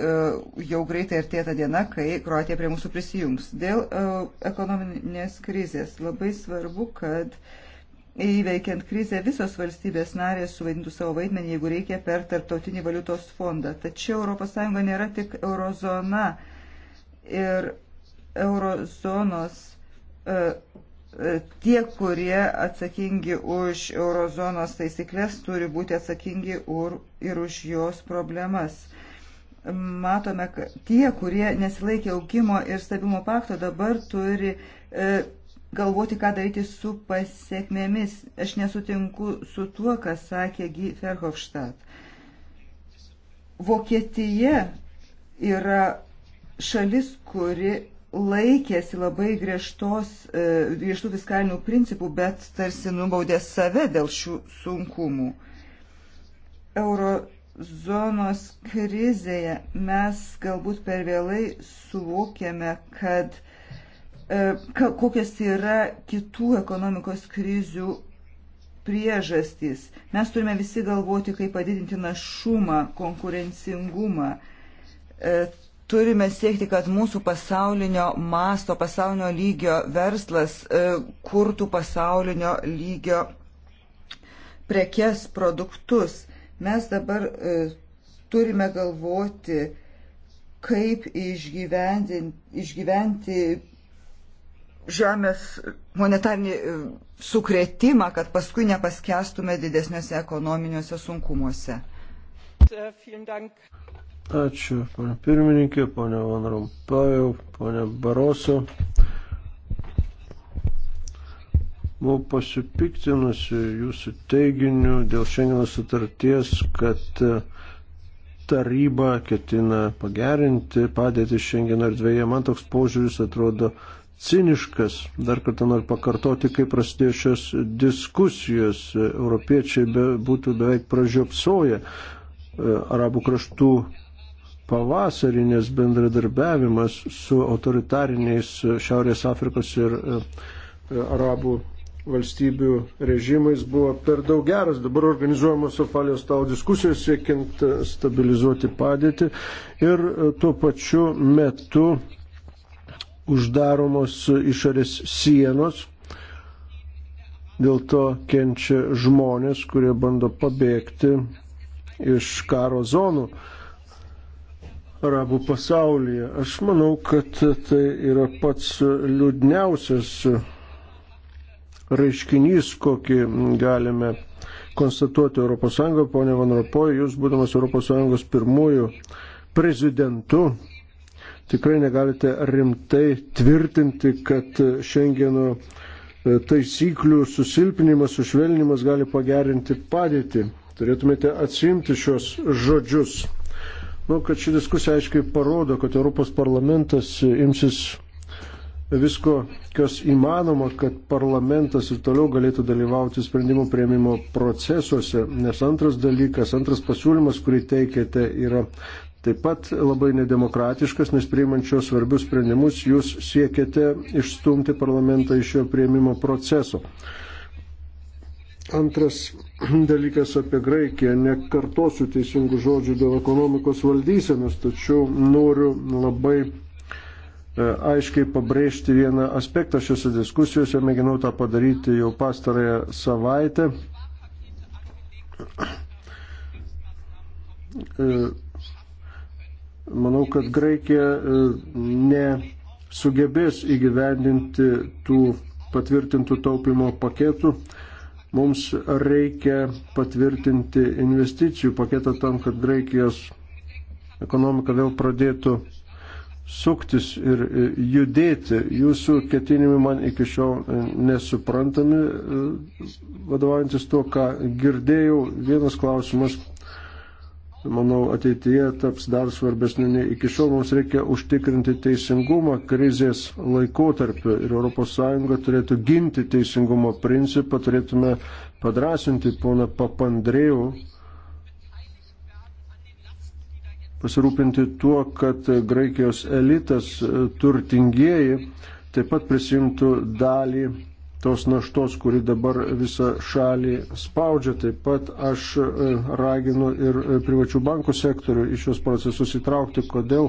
jau greitai artėja ta diena, kai Kroatija prie mūsų prisijungs. Dėl e, ekonominės krizės labai svarbu, kad uh, įveikiant krizę visos valstybės narės suvaidintų savo vaidmenį, jeigu reikia, per tarptautinį valiutos fondą. Tačiau ES nėra tik eurozona ir eurozonos e, e, tie, kurie atsakingi už eurozonos taisyklės, turi būti atsakingi ir už jos problemas matome, kad tie, kurie nesilaikė augimo ir stabilumo pakto, dabar turi e, galvoti, ką daryti su pasiekmėmis. Aš nesutinku su tuo, ką sakė G. Ferhofstadt. Vokietija yra šalis, kuri laikėsi labai griežtos, e, griežtų fiskalinių principų, bet tarsi nubaudė save dėl šių sunkumų. Eurozonos krizėje mes galbūt per vėlai suvokėme, kad uh, E, kokios yra kitų ekonomikos krizių priežastys. Mes turime visi galvoti, kaip padidinti našumą, konkurencingumą. E, turime siekti, kad mūsų pasaulinio masto, pasaulinio lygio verslas e, kurtų pasaulinio lygio prekes, produktus. Mes dabar turime galvoti, kaip išgyventi žemės monetarnį e, sukretimą, kad paskui nepaskęstume didesniuose ekonominiuose sunkumuose. Äh, Ačiū, ponia pirmininkė, ponia Van Rompajau, ponia Baroso. Buvau pasipiktinusi jūsų teiginiu dėl šiandienos sutarties, kad e, taryba ketina pagerinti padėtį šiandien erdvėje. Man toks požiūris atrodo ciniškas. Dar kartą noriu pakartoti, kaip prasidėjo šios diskusijos. Europiečiai be, būtų beveik pražiopsoję e, arabų kraštų pavasarį, nes bendradarbiavimas su autoritariniais Šiaurės Afrikos ir e, e, arabų valstybių režimais buvo per daug geras. Dabar organizuojamos Sofalijos tau diskusijos siekiant stabilizuoti padėtį ir tuo pačiu metu uždaromos išorės sienos, dėl to kenčia žmonės, kurie bando pabėgti iš karo zonų arabų pasaulyje. Aš manau, kad tai yra pats liūdniausias reiškinys, kokį galime konstatuoti ES. Pone Van Ropoj, jūs būdamas ES pirmųjų prezidentu tikrai negalite rimtai tvirtinti, kad Schengeno e, taisyklių susilpinimas, sušvelnimas gali pagerinti padėtį. Turėtumėte atsimti šios žodžius. Nu, kad ši diskusija aiškiai parodo, kad Europos parlamentas imsis visko, kas įmanoma, kad parlamentas ir toliau galėtų dalyvauti sprendimų prieimimo procesuose, nes antras dalykas, antras pasiūlymas, kurį teikėte, yra taip pat labai nedemokratiškas, nes priimančios svarbius sprendimus jūs siekiate išstumti parlamentą iš jo prieimimo proceso. Antras dalykas apie Graikiją. Nekartosiu teisingų žodžių dėl ekonomikos valdysenos, tačiau noriu labai e, aiškiai pabrėžti vieną aspektą šiose diskusijose, mėginau tą padaryti jau pastarąją savaitę e, Manau, kad Graikija e, nesugebės įgyvendinti tų patvirtintų taupimo paketų. Mums reikia patvirtinti investicijų paketą tam, kad Graikijos ekonomika vėl pradėtų suktis ir e, judėti. Jūsų ketinimai man iki šiol e, nesuprantami, vadovaujantis tuo, ką girdėjau. Vienas klausimas manau, ateityje taps dar svarbesnė nei iki šiol. Mums reikia užtikrinti teisingumą krizės laikotarpiu ir ES turėtų ginti teisingumo principą, turėtume padrasinti poną Papandrėjų, pasirūpinti tuo, kad Graikijos elitas turtingieji taip pat prisimtų dalį tos naštos, kuri dabar visą šalį spaudžia. Taip pat aš e, raginu ir e, privačių bankų sektorių iš šios procesus įtraukti, kodėl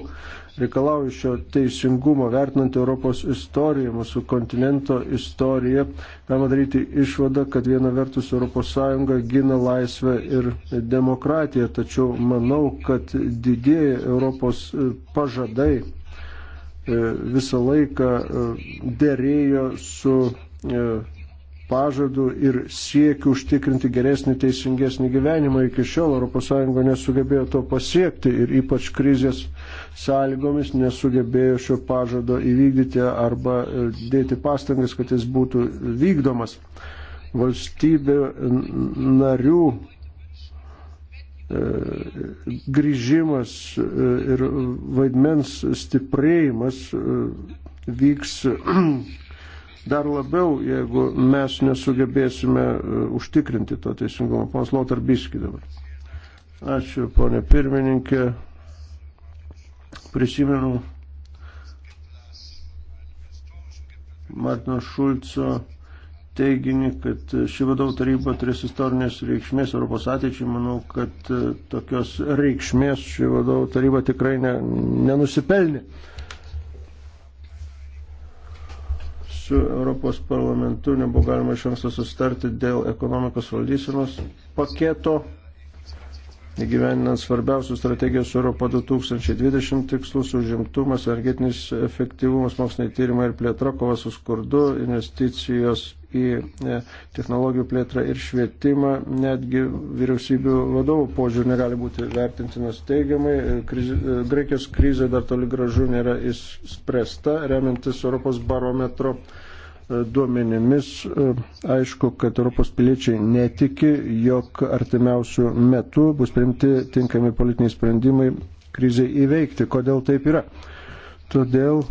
reikalauju šio teisingumo, vertinant Europos istoriją, mūsų kontinento istoriją, galima daryti išvadą, kad viena vertus ES gina laisvę ir demokratiją, tačiau manau, kad didėja Europos e, pažadai visą laiką dėrėjo su E, pažadų ir siekių užtikrinti geresnį, teisingesnį gyvenimą. Iki šiol ES nesugebėjo to pasiekti ir ypač krizės sąlygomis nesugebėjo šio pažado įvykdyti arba e, dėti pastangas, kad jis būtų vykdomas. Valstybė narių e, grįžimas ir vaidmens stiprėjimas vyks dar labiau, jeigu mes nesugebėsime e, užtikrinti to teisingumo. Pons Lotarbiski dabar. Ačiū, ponė pirmininkė. Prisimenu Martino Šulco teiginį, kad ši vadovų taryba turės istorinės reikšmės Europos ateičiai. Manau, kad e, tokios reikšmės ši vadovų taryba tikrai ne, nenusipelnė. su Europos parlamentu nebuvo galima iš anksto sustarti dėl ekonomikos valdysenos paketo, įgyveninant svarbiausius strategijos Europo 2020 tikslus - užimtumas, energetinis efektyvumas, moksliniai tyrimai ir plėtra, kova su skurdu, investicijos į e, technologijų plėtrą ir švietimą, netgi vyriausybių vadovų požiūrį negali būti vertintinas teigiamai. Kriz, e, Graikijos krizė dar toli gražu nėra išspręsta, remintis Europos barometro e, duomenimis aišku, kad Europos piliečiai netiki, jog artimiausių metų bus priimti tinkami politiniai sprendimai kriziai įveikti. Kodėl taip yra? Todėl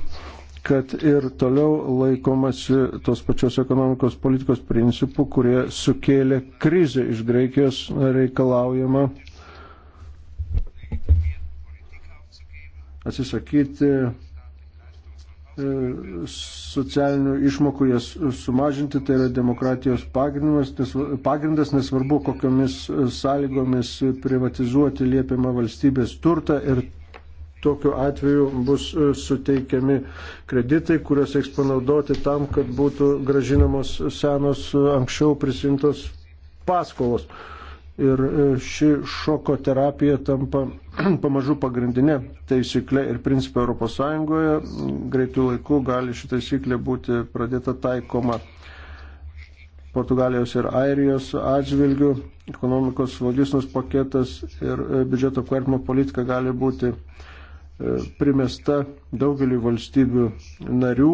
kad ir toliau laikomasi tos pačios ekonomikos politikos principų, kurie sukėlė krizę iš Graikijos reikalaujama atsisakyti e, socialinių išmokų jas sumažinti, tai yra demokratijos pagrindas, nes, pagrindas, nesvarbu kokiamis sąlygomis privatizuoti liepiamą valstybės turtą ir tokiu atveju bus e, suteikiami kreditai, kuriuos reiks panaudoti tam, kad būtų gražinamos senos e, anksčiau prisimtos paskolos. Ir e, ši šoko terapija tampa pamažu pagrindinė taisyklė ir principė Europos Sąjungoje. Greitų laikų gali ši taisyklė būti pradėta taikoma Portugalijos ir Airijos atžvilgių. Ekonomikos valdysinos paketas ir biudžeto apkarpimo politika gali būti uh, E, primesta daugeliu valstybių narių.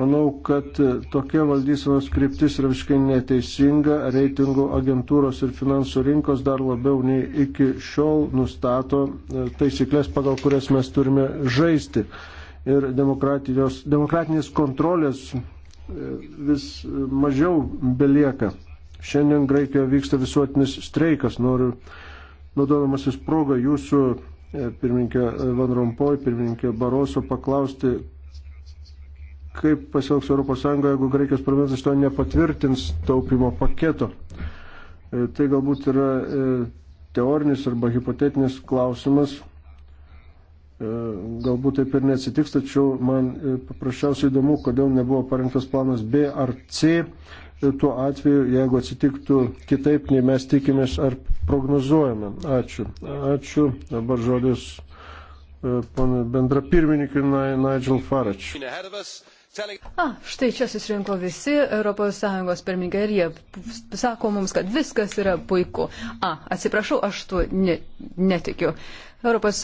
Manau, kad e, tokia valdysenos kryptis yra visiškai neteisinga. Reitingų agentūros ir finansų rinkos dar labiau nei iki šiol nustato e, taisyklės, pagal kurias mes turime žaisti. Ir demokratinės kontrolės vis mažiau belieka. Šiandien Graikijoje vyksta visuotinis streikas. Noriu, naudodamasis progą, jūsų E, pirmininkė Van Rompoj, pirmininkė Baroso paklausti, kaip pasielgs ES, jeigu Graikijos parlamentas to nepatvirtins taupimo paketo. E, tai galbūt yra e, teorinis arba hipotetinis klausimas. Galbūt taip ir neatsitiks, tačiau man paprasčiausiai įdomu, kodėl nebuvo parengtas planas B ar C tuo atveju, jeigu atsitiktų kitaip, nei mes tikimės ar prognozuojame. Ačiū. Ačiū. Dabar žodis e, bendra pirmininkui Nigel Farage. A, štai čia susirinko visi ES pirmininkai ir jie sako mums, kad viskas yra puiku. A, atsiprašau, aš tuo ne, netikiu. ES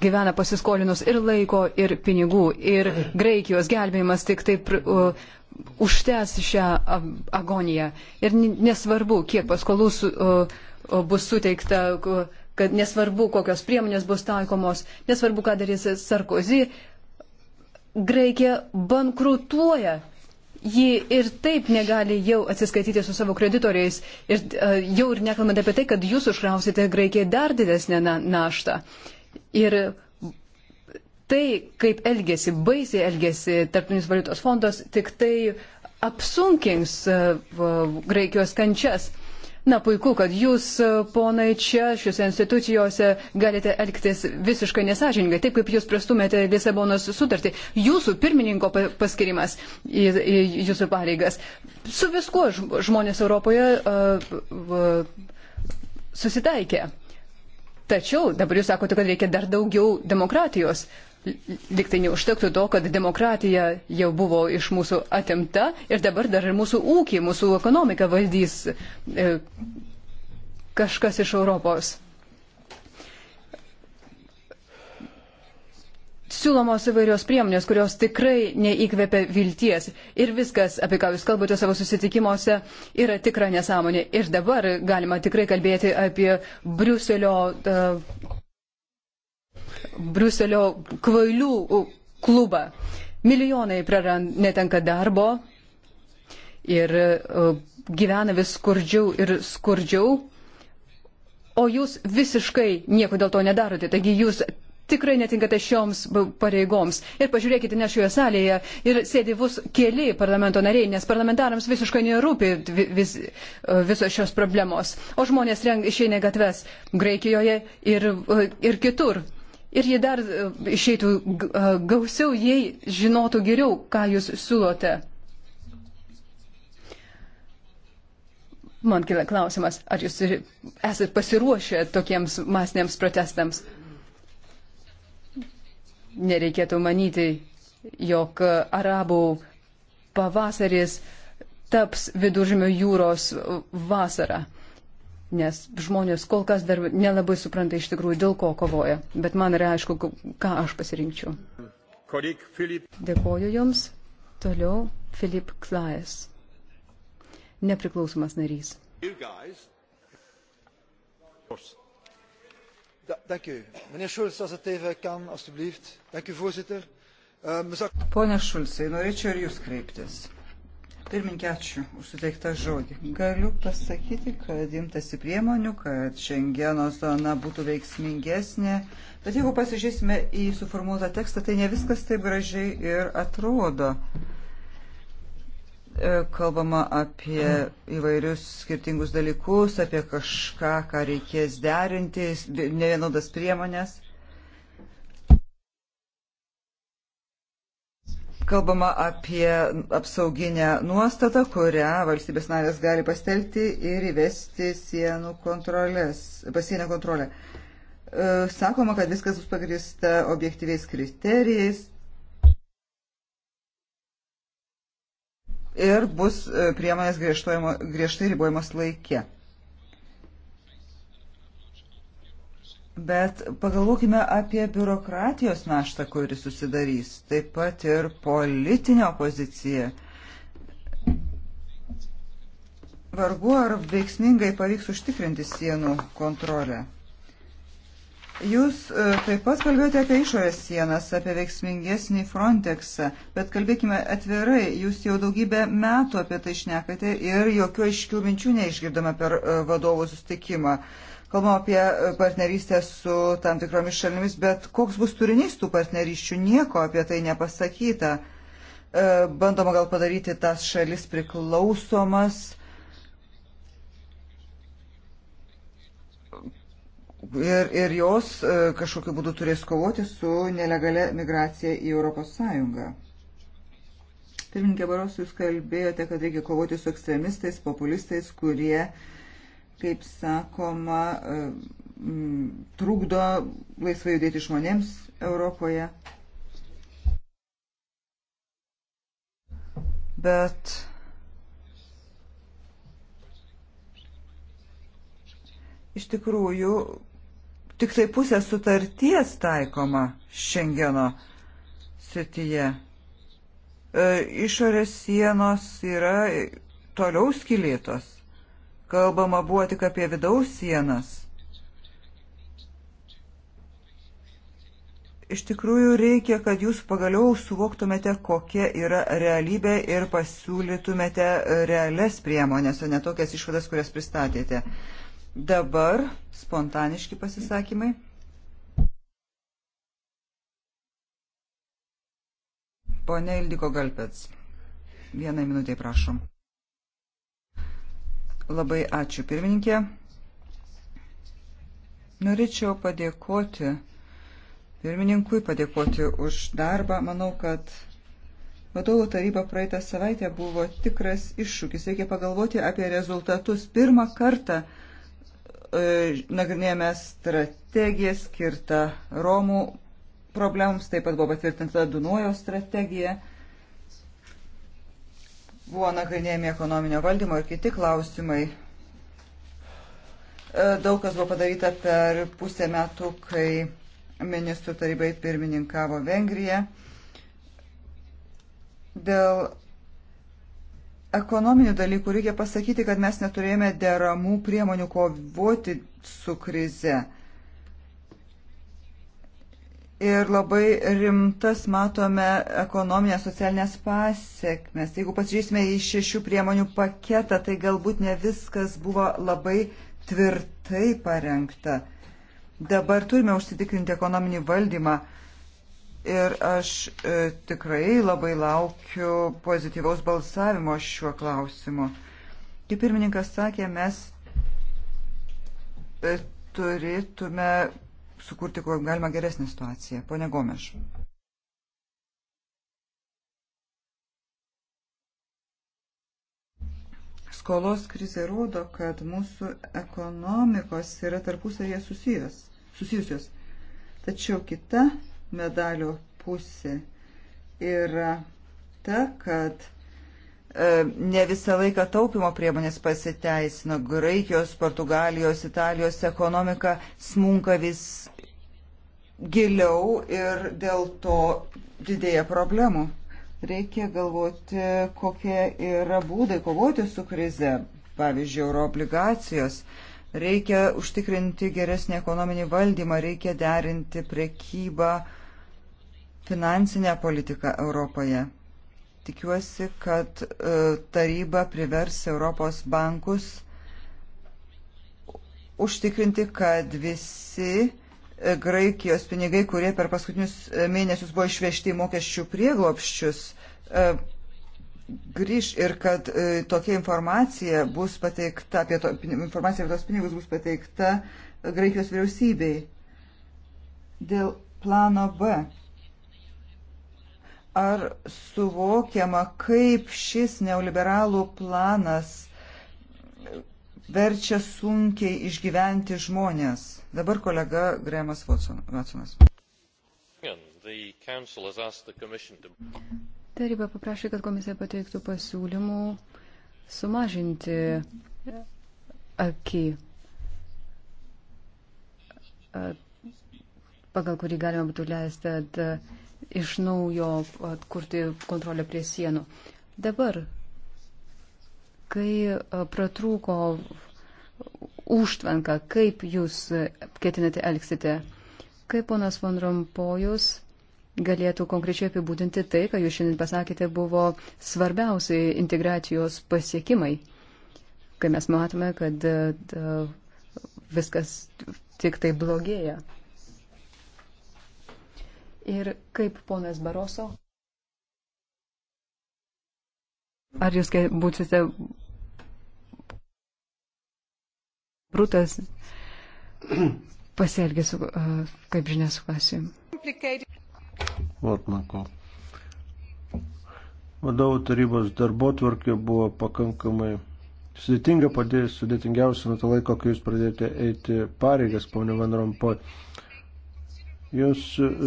gyvena pasiskolinus ir laiko, ir pinigų, ir Graikijos gelbėjimas tik taip uh, užtęs šią agoniją. Ir nesvarbu, kiek paskolų su, o, bus suteikta, kad nesvarbu, kokios priemonės bus taikomos, nesvarbu, ką darys Sarkozy, Graikija bankrutuoja. Ji ir taip negali jau atsiskaityti su savo kreditoriais ir uh, jau ir nekalbant apie tai, kad jūs užkrausite Graikijai dar didesnę na naštą. Ir uh, tai, kaip elgesi, baisiai elgesi Tarptautinis valiutos fondas, tik tai apsunkins e, Graikijos kančias. Na puiku, kad jūs, e, ponai, čia šiuose institucijose galite elgtis visiškai nesažininkai, taip kaip jūs prastumėte Lisabonos sutartį. Jūsų pirmininko paskirimas į, į jūsų pareigas. Su viskuo žmonės Europoje uh, uh, susitaikė. Tačiau dabar jūs sakote, kad reikia dar daugiau demokratijos liktai neužtektų to, kad demokratija jau buvo iš mūsų atimta ir dabar dar ir mūsų ūkį, mūsų ekonomiką valdys e, kažkas iš Europos. Siūlomos įvairios priemonės, kurios tikrai neįkvepia vilties. Ir viskas, apie ką jūs kalbate savo susitikimuose, yra tikra nesąmonė. Ir dabar galima tikrai kalbėti apie Briuselio uh, e, Bruselio kvailių klubą. Milijonai prarand, netenka darbo ir e, gyvena vis skurdžiau ir skurdžiau, o jūs visiškai nieko dėl to nedarote. Taigi jūs tikrai netinkate šioms pareigoms. Ir pažiūrėkite, ne šioje salėje ir sėdi vos keli parlamento nariai, nes parlamentarams visiškai nerūpi vis, e, visos šios problemos. O žmonės išeina gatves Graikijoje ir, e, ir kitur. Ir jie dar e, išeitų e, gausiau, jei žinotų geriau, ką jūs siūlote. Man kila klausimas, ar jūs esate pasiruošę tokiems masiniams protestams? Nereikėtų manyti, jog arabų pavasaris taps viduržymio jūros vasara nes žmonės kol kas dar nelabai supranta iš tikrųjų, dėl ko kovoja. Bet man yra aišku, ką aš pasirinkčiau. Dėkoju Jums. Toliau Filip Klaes, nepriklausomas narys. Dank u. Meneer Schulz, als het even kan, alstublieft. Dank u, voorzitter. Pone Šulcai, norėčiau ir jūs kreiptis. Pirminkė, ačiū už suteiktą žodį. Galiu pasakyti, kad imtasi priemonių, kad Šengeno zona būtų veiksmingesnė, bet jeigu pasižiūrėsime į suformuotą tekstą, tai ne viskas taip gražiai ir atrodo. E, kalbama apie įvairius skirtingus dalykus, apie kažką, ką reikės derinti, nevienodas priemonės. Kalbama apie apsauginę nuostatą, kurią valstybės narės gali pastelti ir įvesti sienų kontrolės, pasienio kontrolę. E, sakoma, kad viskas bus pagrįsta objektyviais kriterijais, ir bus e, priemonės griežtai ribojamos laikė. Bet pagalvokime apie biurokratijos naštą, kuri susidarys, taip pat ir politinė opozicija. Vargu ar veiksmingai pavyks užtikrinti sienų kontrolę. Jūs e, taip pat kalbėjote apie išorės sienas, apie veiksmingesnį Frontexą, bet kalbėkime atvirai, jūs jau daugybę metų apie tai šnekate ir jokių aiškių minčių neišgirdome per e, vadovų sustikimą. Uh, Kalbam apie e, partnerystę su tam tikromis šalimis, bet koks bus turinys tų partnerysčių, nieko apie tai nepasakyta. E, bandoma gal padaryti tas šalis priklausomas. Ir, ir jos e, kažkokiu būdu turės kovoti su nelegalia migracija į Europos Sąjungą. Pirmininkė Baros, jūs kalbėjote, kad reikia kovoti su ekstremistais, populistais, kurie uh, kaip sakoma, e, trukdo laisvai judėti žmonėms Europoje. Bet iš tikrųjų tik tai pusė sutarties taikoma Šengeno srityje. E, išorės sienos yra toliau skilėtos. Kalbama buvo tik apie vidaus sienas. Iš tikrųjų reikia, kad jūs pagaliau suvoktumėte, kokia yra realybė ir pasiūlytumėte realias priemonės, o ne tokias išvadas, kurias pristatėte. Dabar spontaniški pasisakymai. Pone Ildiko Galpets, vieną minutę prašom. Labai ačiū pirmininkė. Norėčiau padėkoti pirmininkui, padėkoti už darbą. Manau, kad vadovų taryba praeitą savaitę buvo tikras iššūkis. Reikia pagalvoti apie rezultatus. Pirmą kartą e, nagrinėjame strategiją skirtą Romų problemams. Taip pat buvo patvirtinta Dunojo strategija. E, buvo nagrinėjami ekonominio valdymo ir kiti klausimai. E, daug kas buvo padaryta per pusę metų, kai ministrų tarybai pirmininkavo Vengrija. Dėl ekonominių dalykų reikia pasakyti, kad mes neturėjome deramų priemonių kovoti su krize ir labai rimtas matome ekonominės socialinės pasiekmes. Jeigu pasižiūrėsime į šešių priemonių paketą, tai galbūt ne viskas buvo labai tvirtai parengta. Dabar turime užsitikrinti ekonominį valdymą ir aš e, tikrai labai laukiu pozityvaus balsavimo šiuo klausimu. Kaip pirmininkas sakė, mes e, turėtume sukurti kuo galima geresnį situaciją. Pone Gomeš. Skolos krizė rodo, kad mūsų ekonomikos yra tarpusavėje susijusios. Tačiau kita medalio pusė yra ta, kad e, ne visą laiką taupimo priemonės pasiteisino. Graikijos, Portugalijos, Italijos ekonomika smunka vis giliau ir dėl to didėja problemų. Reikia galvoti, kokie yra būdai kovoti su krize, pavyzdžiui, euroobligacijos. Reikia užtikrinti geresnį ekonominį valdymą, reikia derinti prekybą, finansinę politiką Europoje. Tikiuosi, kad e, taryba privers Europos bankus užtikrinti, kad visi Graikijos pinigai, kurie per paskutinius e, mėnesius buvo išvežti į mokesčių prieglopščius, e, grįž ir kad e, tokia informacija bus pateikta, apie to, informacija apie tos pinigus bus pateikta Graikijos vyriausybei. Dėl plano B. Ar suvokiama, kaip šis neoliberalų planas verčia sunkiai išgyventi žmonės? Dabar kolega Gremas Vatsonas. Taryba paprašė, kad komisija pateiktų pasiūlymų sumažinti akį, pagal kurį galima būtų leisti iš naujo atkurti kontrolę prie sienų. Dabar, kai pratrūko užtvanką, kaip jūs ketinate elgsite, kaip ponas von Rompojus galėtų konkrečiai apibūdinti tai, ką jūs šiandien pasakėte, buvo svarbiausiai integracijos pasiekimai, kai mes matome, kad e, viskas tik tai blogėja. Ir kaip ponas Baroso? Ar jūs būsite Brutas pasielgė, su, kaip žinia, su Kasiu. Vatnako. Vadovų tarybos darbo tvarkė buvo pakankamai sudėtinga, padėjus sudėtingiausia nuo to laiko, kai jūs pradėjote eiti pareigas, ponė Van Rompoj. Jūs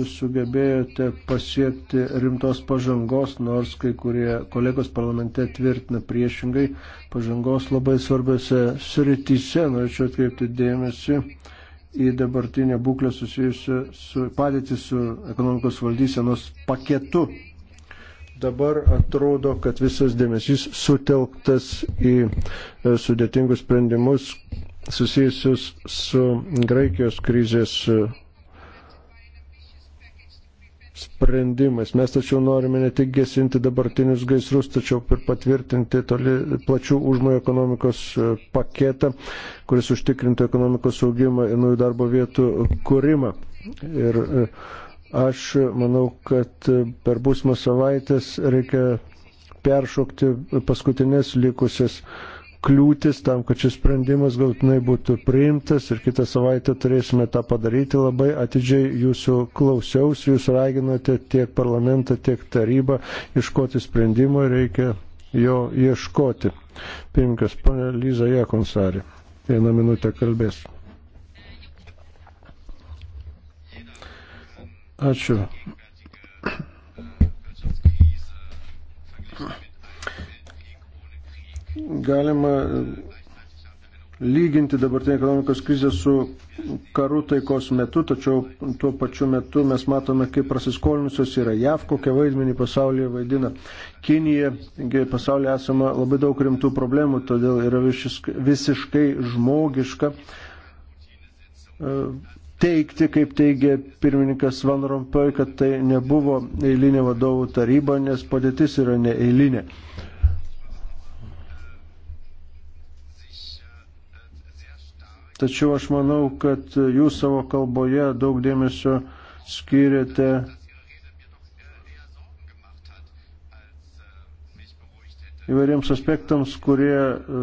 sugebėjote pasiekti rimtos pažangos, nors kai kurie kolegos parlamente tvirtina priešingai pažangos labai svarbiose srityse. Norėčiau atkreipti dėmesį į dabartinę būklę susijusią su padėtį su ekonomikos valdysenos paketu. Dabar atrodo, kad visas dėmesys sutelktas į e, sudėtingus sprendimus susijusius su Graikijos krizės e, sprendimais. Mes tačiau norime ne tik gesinti dabartinius gaisrus, tačiau ir patvirtinti toli, plačių užmojų ekonomikos e, paketą, kuris užtikrintų ekonomikos augimą ir naujų darbo vietų kūrimą. Ir e, aš manau, kad e, per būsimas savaitės reikia peršokti paskutinės likusias kliūtis tam, kad šis sprendimas galtinai būtų priimtas ir kitą savaitę turėsime tą padaryti. Labai atidžiai jūsų klausiaus, jūs raginate tiek parlamentą, tiek tarybą ieškoti sprendimo ir reikia jo ieškoti. Pirmininkas, ponė Lyza Jekonsari, vieną minutę kalbės. Ačiū. galima lyginti dabartinę ekonomikos krizę su karu taikos metu, tačiau tuo pačiu metu mes matome, kaip prasiskolinusios yra JAV, kokią vaidmenį pasaulyje vaidina Kinija. Pasaulyje esama labai daug rimtų problemų, todėl yra visiškai žmogiška e, teikti, kaip teigia pirmininkas Van Rompuy, kad tai nebuvo eilinė vadovų taryba, nes padėtis yra neeilinė. Tačiau aš manau, kad jūs savo kalboje daug dėmesio skiriate įvairiems aspektams, kurie e,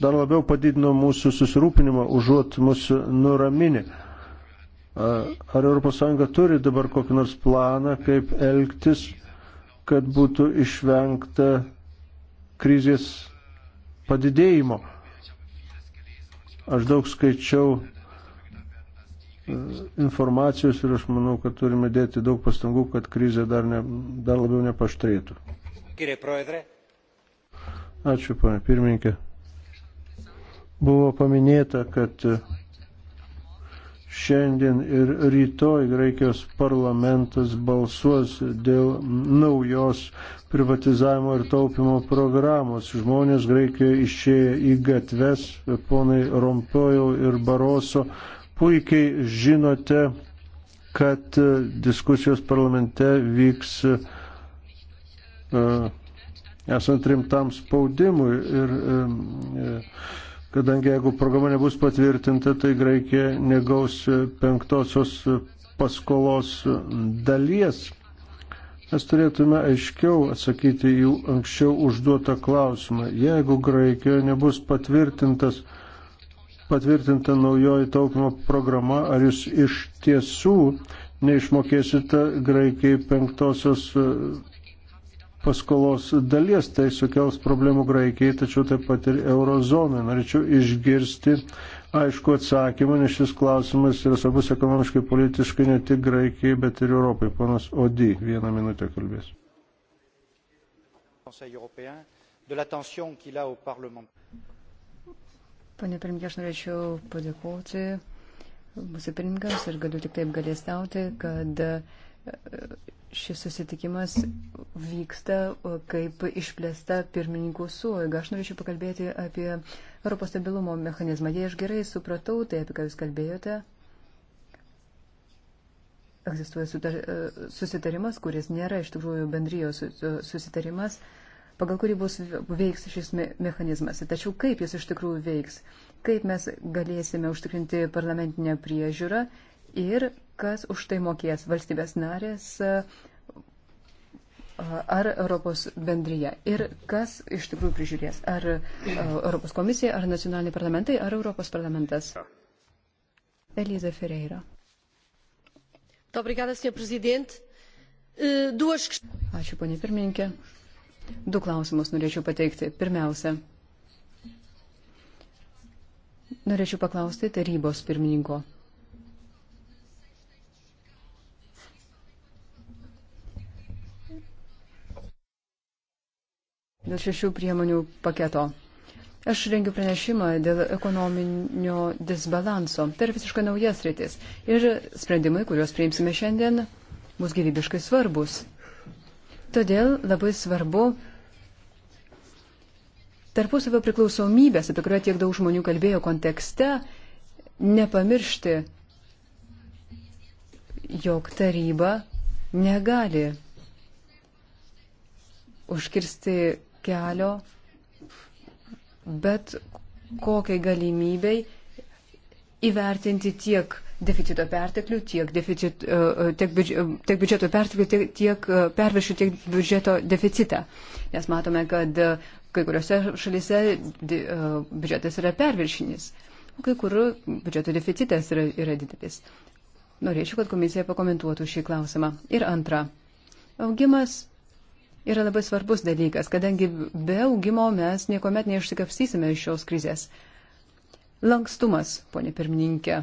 dar labiau padidino mūsų susirūpinimą, užuot mūsų nuraminę. Ar ES turi dabar kokį nors planą, kaip elgtis, kad būtų išvengta krizės padidėjimo? Aš daug skaičiau e, informacijos ir aš manau, kad turime dėti daug pastangų, kad krizė dar, ne, dar labiau nepaštrėtų. Ačiū, pane pirmininkė. Buvo paminėta, kad Šiandien ir rytoj Graikijos parlamentas balsuos dėl naujos privatizavimo ir taupimo programos. Žmonės Graikijoje išėjo į gatves, ponai Rompojau ir Baroso. Puikiai žinote, kad e, diskusijos parlamente vyks e, e, esant rimtam spaudimui ir kadangi jeigu programa nebus patvirtinta, tai Graikija negaus e, penktosios e, paskolos e, dalies. Mes turėtume aiškiau atsakyti jų anksčiau užduotą klausimą. Jeigu Graikijoje nebus patvirtintas, patvirtinta naujoji taupimo programa, ar jūs iš tiesų neišmokėsite Graikijai penktosios paskolos dalies. Tai sukels problemų Graikijai, tačiau taip pat ir eurozonai. Norėčiau išgirsti aišku atsakymą, nes šis klausimas yra svarbus ekonomiškai, politiškai ne tik Graikijai, bet ir Europai. Panas Odi, vieną minutę kalbės. Pane pirmininkė, aš norėčiau padėkoti mūsų pirmininkams ir galiu tik taip galėstauti, kad šis susitikimas vyksta kaip išplėsta pirmininkų suoiga. Aš norėčiau pakalbėti apie Europos stabilumo mechanizmą. Jei aš gerai supratau tai, apie ką Jūs kalbėjote, egzistuoja sutar, e, susitarimas, kuris nėra iš tikrųjų bendrijos susitarimas, pagal kurį bus veiks šis me mechanizmas. Tačiau kaip jis iš tikrųjų veiks, kaip mes galėsime užtikrinti parlamentinę priežiūrą ir kas už tai mokės valstybės narės ar Europos bendryje ir kas iš tikrųjų prižiūrės, ar Europos komisija, ar nacionaliniai parlamentai, ar Europos parlamentas. Eliza Ferreira. Obrigada, senhor presidente. Eh, duas... Ačiū, ponė pirmininkė. Du klausimus norėčiau pateikti. Pirmiausia, norėčiau paklausti tarybos pirmininko. dėl šešių priemonių paketo. Aš rengiu pranešimą dėl ekonominio disbalanso. Tai yra visiškai naujas rytis. Ir sprendimai, kuriuos priimsime šiandien, bus gyvybiškai svarbus. Todėl labai svarbu tarpusavio priklausomybės, apie kurią tiek daug žmonių kalbėjo kontekste, nepamiršti, jog taryba negali užkirsti kelio bet kokiai galimybei įvertinti tiek deficito perteklių, tiek, deficit, e, e, tiek, biudž, e, tiek biudžeto perteklių, tiek, tiek perviršių, tiek biudžeto deficitą. Nes matome, kad kai kuriuose šalise biudžetas yra perviršinis, o kai kur biudžeto deficitas yra, yra didelis. Norėčiau, kad komisija pakomentuotų šį klausimą. Ir antra, augimas yra labai svarbus dalykas, kadangi be augimo mes niekuomet neišsikapsysime iš šios krizės. Lankstumas, ponė pirmininkė.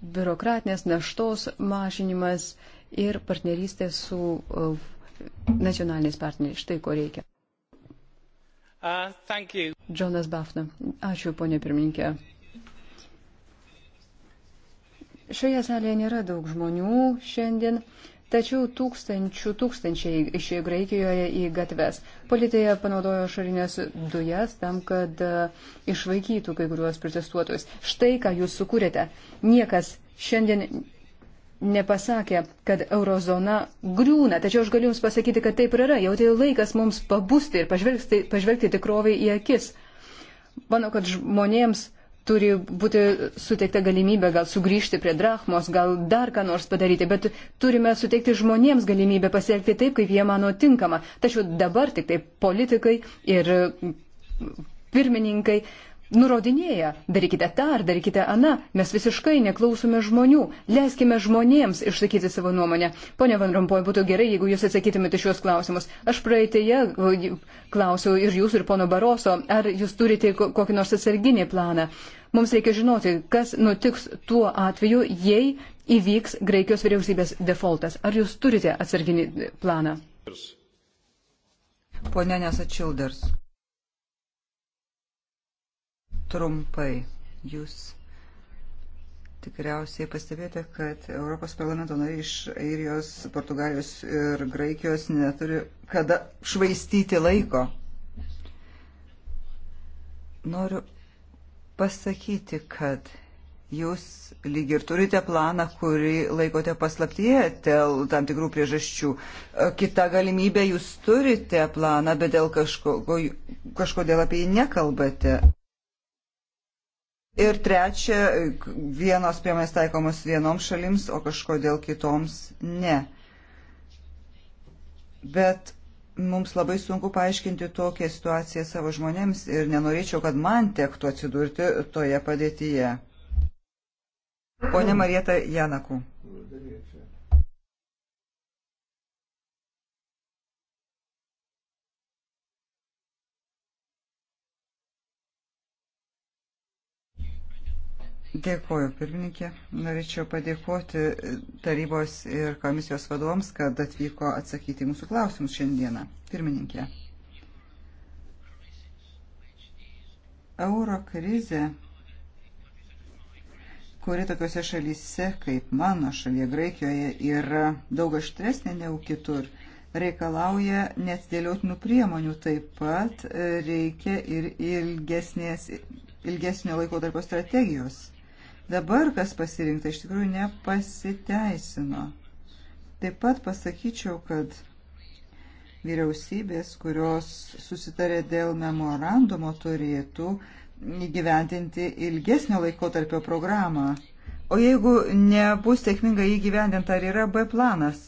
Biurokratinės naštos mažinimas ir partnerystė su nacionaliniais partneriais. Štai ko reikia. Uh, Džonas Bafna. Ačiū, ponė pirmininkė. Šioje salėje nėra daug žmonių šiandien, Tačiau tūkstančių tūkstančiai išėjo Graikijoje į gatves. Policija panaudojo šarinės dujas tam, kad e, išvaikytų kai kuriuos protestuotojus. Štai ką jūs sukūrėte. Niekas šiandien nepasakė, kad eurozona griūna. Tačiau aš galiu jums pasakyti, kad taip ir yra. Jau tai laikas mums pabusti ir pažvelgti, pažvelgti tikroviai į akis. Manau, kad žmonėms turi būti suteikta galimybė gal sugrįžti prie drachmos, gal dar ką nors padaryti, bet turime suteikti žmonėms galimybę pasielgti taip, kaip jie mano tinkama. Tačiau dabar tik tai politikai ir pirmininkai nurodinėja, darykite tą ar darykite aną, mes visiškai neklausome žmonių, leiskime žmonėms išsakyti savo nuomonę. Pone Van Rompuoj, būtų gerai, jeigu jūs atsakytumėte šios klausimus. Aš praeitėje klausiau ir jūsų, ir pono Baroso, ar jūs turite kokį nors atsarginį planą. Mums reikia žinoti, kas nutiks tuo atveju, jei įvyks Graikijos vyriausybės defaultas. Ar jūs turite atsarginį planą? Pone Nesačilders. Trumpai. Jūs Tikriausiai pastebėjote, kad Europos parlamento nariai iš Airijos, Portugalijos ir Graikijos neturi kada švaistyti laiko. Noriu pasakyti, kad jūs lyg ir turite planą, kurį laikote paslaptyje dėl tam tikrų priežasčių. E, kita galimybė, jūs turite planą, bet dėl kažko, kažkodėl apie jį nekalbate. Ir trečia, vienos priemonės taikomos vienoms šalims, o kažkodėl kitoms ne. Bet mums labai sunku paaiškinti tokią situaciją savo žmonėms ir nenorėčiau, kad man tektų atsidurti toje padėtyje. Pone Marieta Janaku. Dėkuoju, pirmininkė. Norėčiau padėkoti tarybos ir komisijos vadovams, kad atvyko atsakyti mūsų klausimus šiandieną. Pirmininkė. Euro krizė, kuri tokiuose šalyse, kaip mano šalyje Graikijoje, yra daug aštresnė negu kitur, reikalauja neatidėliotinų priemonių. Taip pat reikia ir ilgesnės, ilgesnio laiko tarp strategijos Dabar, kas pasirinkta, iš tikrųjų nepasiteisino. Taip pat pasakyčiau, kad vyriausybės, kurios susitarė dėl memorandumo, turėtų įgyvendinti ilgesnio laiko tarpio programą. O jeigu nebus sėkmingai įgyvendinta, ar yra B planas?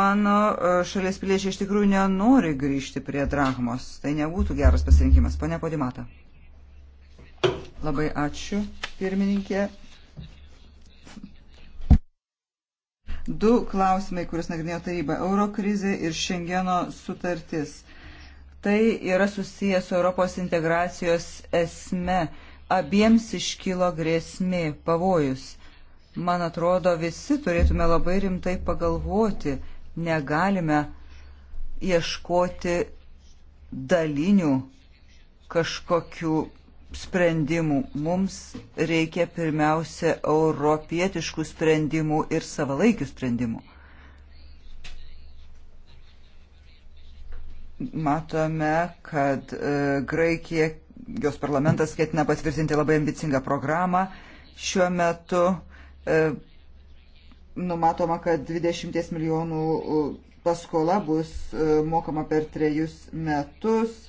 Mano e, šalies piliečiai iš tikrųjų nenori grįžti prie drachmos. Tai nebūtų geras pasirinkimas. Pane Podimata. Labai ačiū, pirmininkė. Du klausimai, kuriuos nagrinėjo taryba - eurokrizė ir Šengeno sutartis. Tai yra susijęs su Europos integracijos esme. Abiems iškilo grėsmė, pavojus. Man atrodo, visi turėtume labai rimtai pagalvoti. Negalime ieškoti dalinių kažkokių sprendimų. Mums reikia pirmiausia europietiškų sprendimų ir savalaikių sprendimų. Matome, kad e, Graikija, jos parlamentas ketina patvirtinti labai ambicingą programą. Šiuo metu e, numatoma, kad 20 milijonų e, paskola bus e, mokama per trejus metus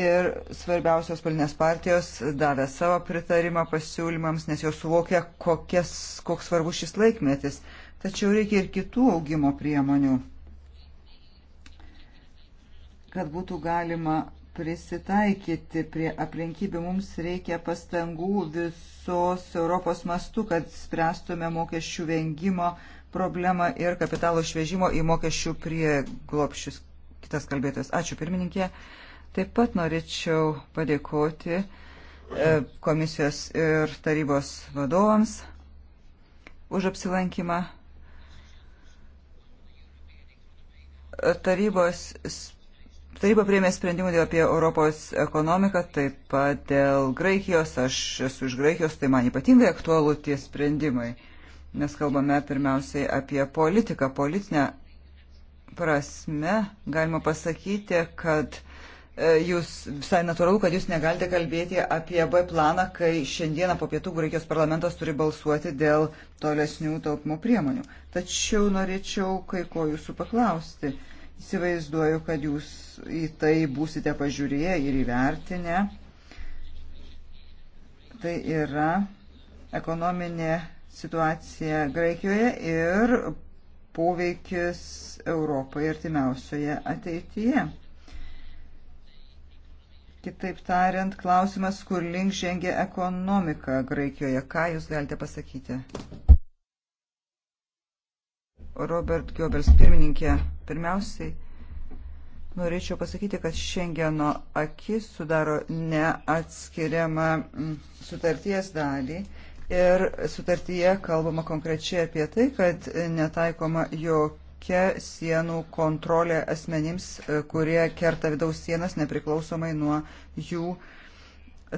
ir svarbiausios politinės partijos davė savo pritarimą pasiūlymams, nes jos suvokia, kokies, koks svarbus šis laikmetis. Tačiau reikia ir kitų augimo priemonių, kad būtų galima prisitaikyti prie aplinkybių. Mums reikia pastangų visos Europos mastu, kad spręstume mokesčių vengimo problemą ir kapitalo švežimo į mokesčių prieglopščius. Kitas kalbėtojas. Ačiū pirmininkė. Uh, Taip pat norėčiau padėkoti e, komisijos ir tarybos vadovams už apsilankymą. Tarybos Taryba priėmė sprendimų dėl apie Europos ekonomiką, taip pat dėl Graikijos. Aš esu iš Graikijos, tai man ypatingai aktualu tie sprendimai, nes kalbame pirmiausiai apie politiką. Politinę prasme galima pasakyti, kad E, jūs visai natūralu, kad jūs negalite kalbėti apie B planą, kai šiandieną po pietų Graikijos parlamentas turi balsuoti dėl tolesnių taupimo priemonių. Tačiau norėčiau kai ko jūsų paklausti. Įsivaizduoju, kad jūs į tai būsite pažiūrėję ir įvertinę. Tai yra ekonominė situacija Graikijoje ir poveikis Europai artimiausioje ateityje Kitaip tariant, klausimas, kur link žengia ekonomika Graikijoje. Ką Jūs galite pasakyti? Robert Giobers, pirmininkė, pirmiausiai norėčiau pasakyti, kad Šengeno akis sudaro neatskiriamą mm, sutarties dalį ir sutartyje kalbama konkrečiai apie tai, kad netaikoma jokių jokia sienų kontrolė asmenims, e, kurie kerta vidaus sienas nepriklausomai nuo jų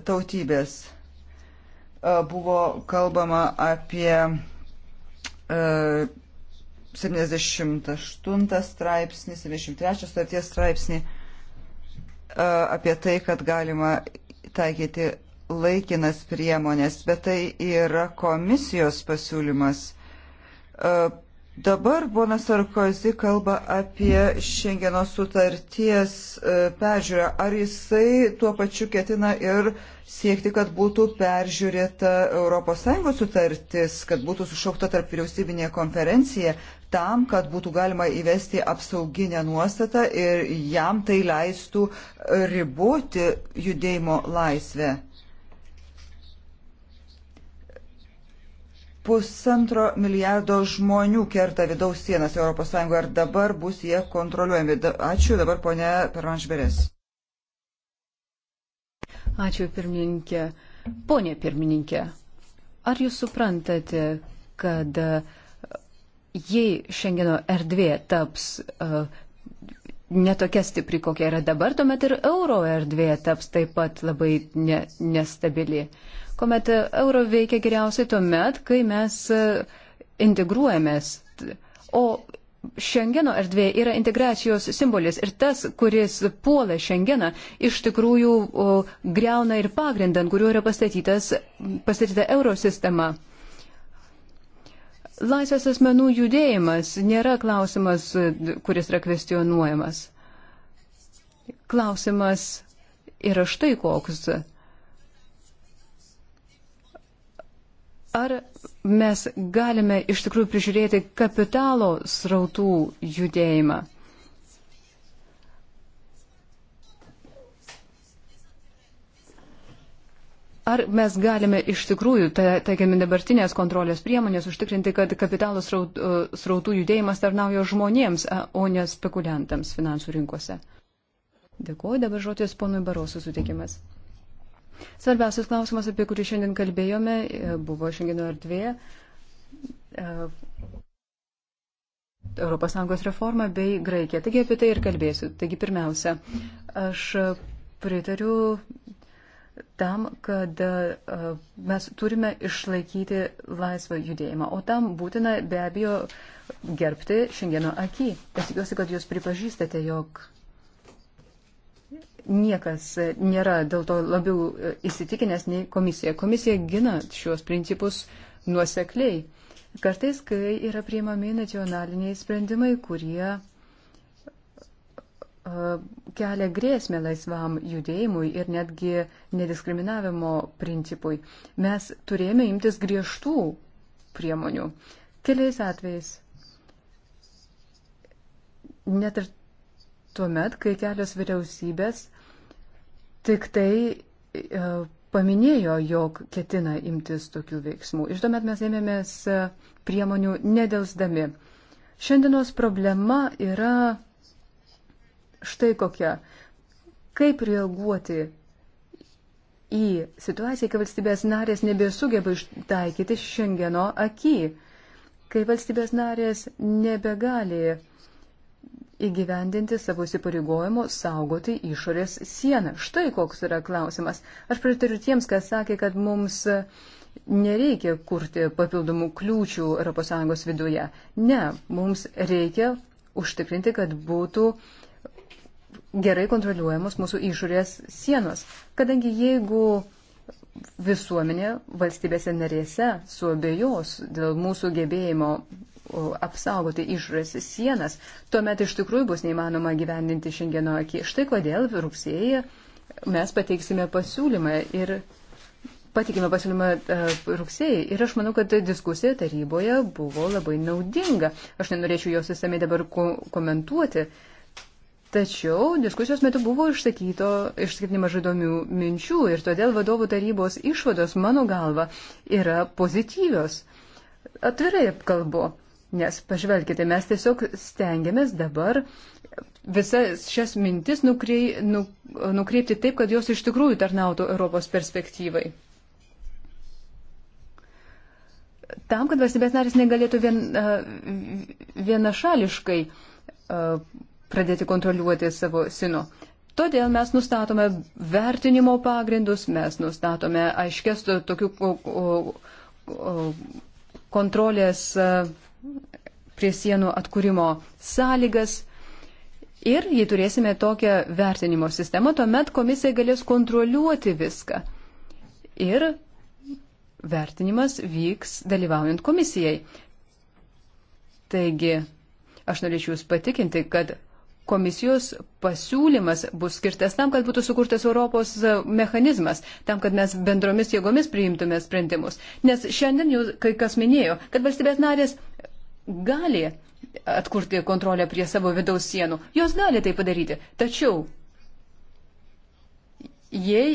tautybės. E, buvo kalbama apie 78 e, straipsnį, 73 starties straipsnį, apie tai, kad galima taikyti laikinas priemonės, bet tai yra komisijos pasiūlymas Dabar ponas Sarkozy kalba apie Šengeno sutarties e, peržiūrą. Ar jisai tuo pačiu ketina ir siekti, kad būtų peržiūrėta ES sutartis, kad būtų sušaukta tarp vyriausybinė konferencija tam, kad būtų galima įvesti apsauginę nuostatą ir jam tai leistų riboti judėjimo laisvę? pusantro milijardo žmonių kerta vidaus sienas ES ir dabar bus jie kontroliuojami. Da, ačiū dabar ponė Pervanšberės. Ačiū pirmininkė. Ponė pirmininkė, ar jūs suprantate, kad e, jei Šengeno erdvė taps uh, e, netokia stipri, kokia yra dabar, tuomet ir euro erdvė taps taip pat labai ne, nestabili. Uh, kuomet euro veikia geriausiai tuomet, kai mes e, integruojamės. O Šengeno erdvė yra integracijos simbolis ir tas, kuris puola Šengeną, iš tikrųjų o, greuna ir pagrindą, ant kuriuo yra pastatyta euro sistema. Laisvės asmenų judėjimas nėra klausimas, kuris yra kvestionuojamas. Klausimas yra štai koks ar mes galime iš tikrųjų prižiūrėti kapitalo srautų judėjimą? Ar mes galime iš tikrųjų, taikėme dabartinės kontrolės priemonės, užtikrinti, kad kapitalo e, srautų judėjimas tarnauja žmonėms, e, o ne spekuliantams finansų rinkose? Dėkuoju, dabar žodis ponui Barosų sutikimas. Svarbiausias klausimas, apie kurį šiandien kalbėjome, e, buvo šiandieno erdvėje. ES reforma bei Graikija. Taigi apie tai ir kalbėsiu. Taigi pirmiausia, aš pritariu tam, kad e, mes turime išlaikyti laisvą judėjimą, o tam būtina be abejo gerbti šiandieno akį. Aš tikiuosi, kad jūs pripažįstate, jog niekas nėra dėl to labiau įsitikinęs nei komisija. Komisija gina šios principus nuosekliai. Kartais, kai yra priimami nacionaliniai sprendimai, kurie kelia grėsmę laisvam judėjimui ir netgi nediskriminavimo principui. Mes turėjome imtis griežtų priemonių. Keliais atvejais. Net ir tuomet, kai kelios vyriausybės tik tai e, paminėjo, jog ketina imtis tokių veiksmų. Iš tuomet mes ėmėmės e, priemonių nedelsdami. Šiandienos problema yra štai kokia. Kaip reaguoti į situaciją, kai valstybės narės nebesugeba ištaikyti Šengeno akį, kai valstybės narės nebegali uh, įgyvendinti savo įsipareigojimo saugoti išorės sieną. Štai koks yra klausimas. Aš pritariu tiems, kas sakė, kad mums nereikia kurti papildomų kliūčių ES viduje. Ne, mums reikia užtikrinti, kad būtų gerai kontroliuojamos mūsų išorės sienos. Kadangi jeigu visuomenė valstybėse narėse suabejos dėl mūsų gebėjimo apsaugoti išorės sienas, tuomet iš tikrųjų bus neįmanoma gyvendinti šiandieno akį. Štai kodėl rugsėje mes pateiksime pasiūlymą ir patikime pasiūlymą e, rugsėjai. Ir aš manau, kad diskusija taryboje buvo labai naudinga. Aš nenorėčiau jos įsamei dabar ko komentuoti. Tačiau diskusijos metu buvo išsakyto išskirtinai mažai įdomių minčių ir todėl vadovų tarybos išvados, mano galva, yra pozityvios. Atvirai kalbu. Nes pažvelkite, mes tiesiog stengiamės dabar visas šias mintis nukrei, nu, nukreipti taip, kad jos iš tikrųjų tarnautų Europos perspektyvai. Tam, kad valstybės narės negalėtų vien, vienašališkai pradėti kontroliuoti savo sino. Todėl mes nustatome vertinimo pagrindus, mes nustatome aiškės tokių kontrolės. Uh, prie sienų atkūrimo sąlygas. Ir jei turėsime tokią vertinimo sistemą, tuomet komisija galės kontroliuoti viską. Ir vertinimas vyks dalyvaujant komisijai. Taigi, aš norėčiau Jūs patikinti, kad komisijos pasiūlymas bus skirtas tam, kad būtų sukurtas Europos mechanizmas, tam, kad mes bendromis jėgomis priimtume sprendimus. Nes šiandien jau kai kas minėjo, kad valstybės narės gali atkurti kontrolę prie savo vidaus sienų. Jos gali tai padaryti. Tačiau, jei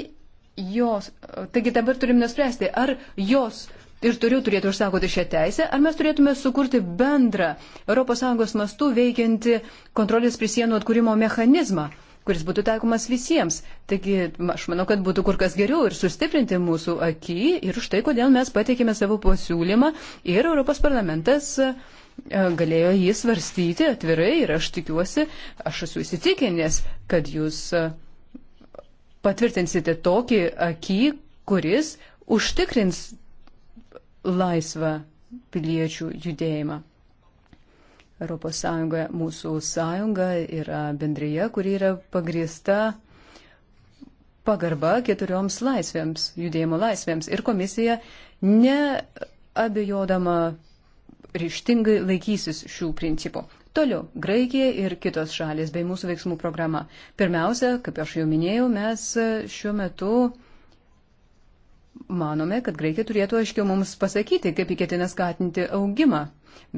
jos, taigi dabar turim nuspręsti, ar jos ir turiu turėtų užsakoti šią teisę, ar mes turėtume sukurti bendrą ES mastų veikianti kontrolės prisienų atkūrimo mechanizmą kuris būtų taikomas visiems. Taigi, aš manau, kad būtų kur kas geriau ir sustiprinti mūsų akį ir štai kodėl mes pateikėme savo pasiūlymą ir Europos parlamentas uh, E, galėjo jį svarstyti atvirai ir aš tikiuosi, aš esu įsitikinęs, kad jūs e, patvirtinsite tokį akį, kuris užtikrins laisvą piliečių judėjimą. ES mūsų sąjunga yra bendryje, kuri yra pagrįsta pagarba keturioms laisvėms, judėjimo laisvėms. Ir komisija neabejodama ryštingai laikysis šių principų. Toliau, Graikija ir kitos šalis bei mūsų veiksmų programa. Pirmiausia, kaip aš jau minėjau, mes e, šiuo metu manome, kad Graikija turėtų aiškiau mums pasakyti, kaip įketina skatinti augimą.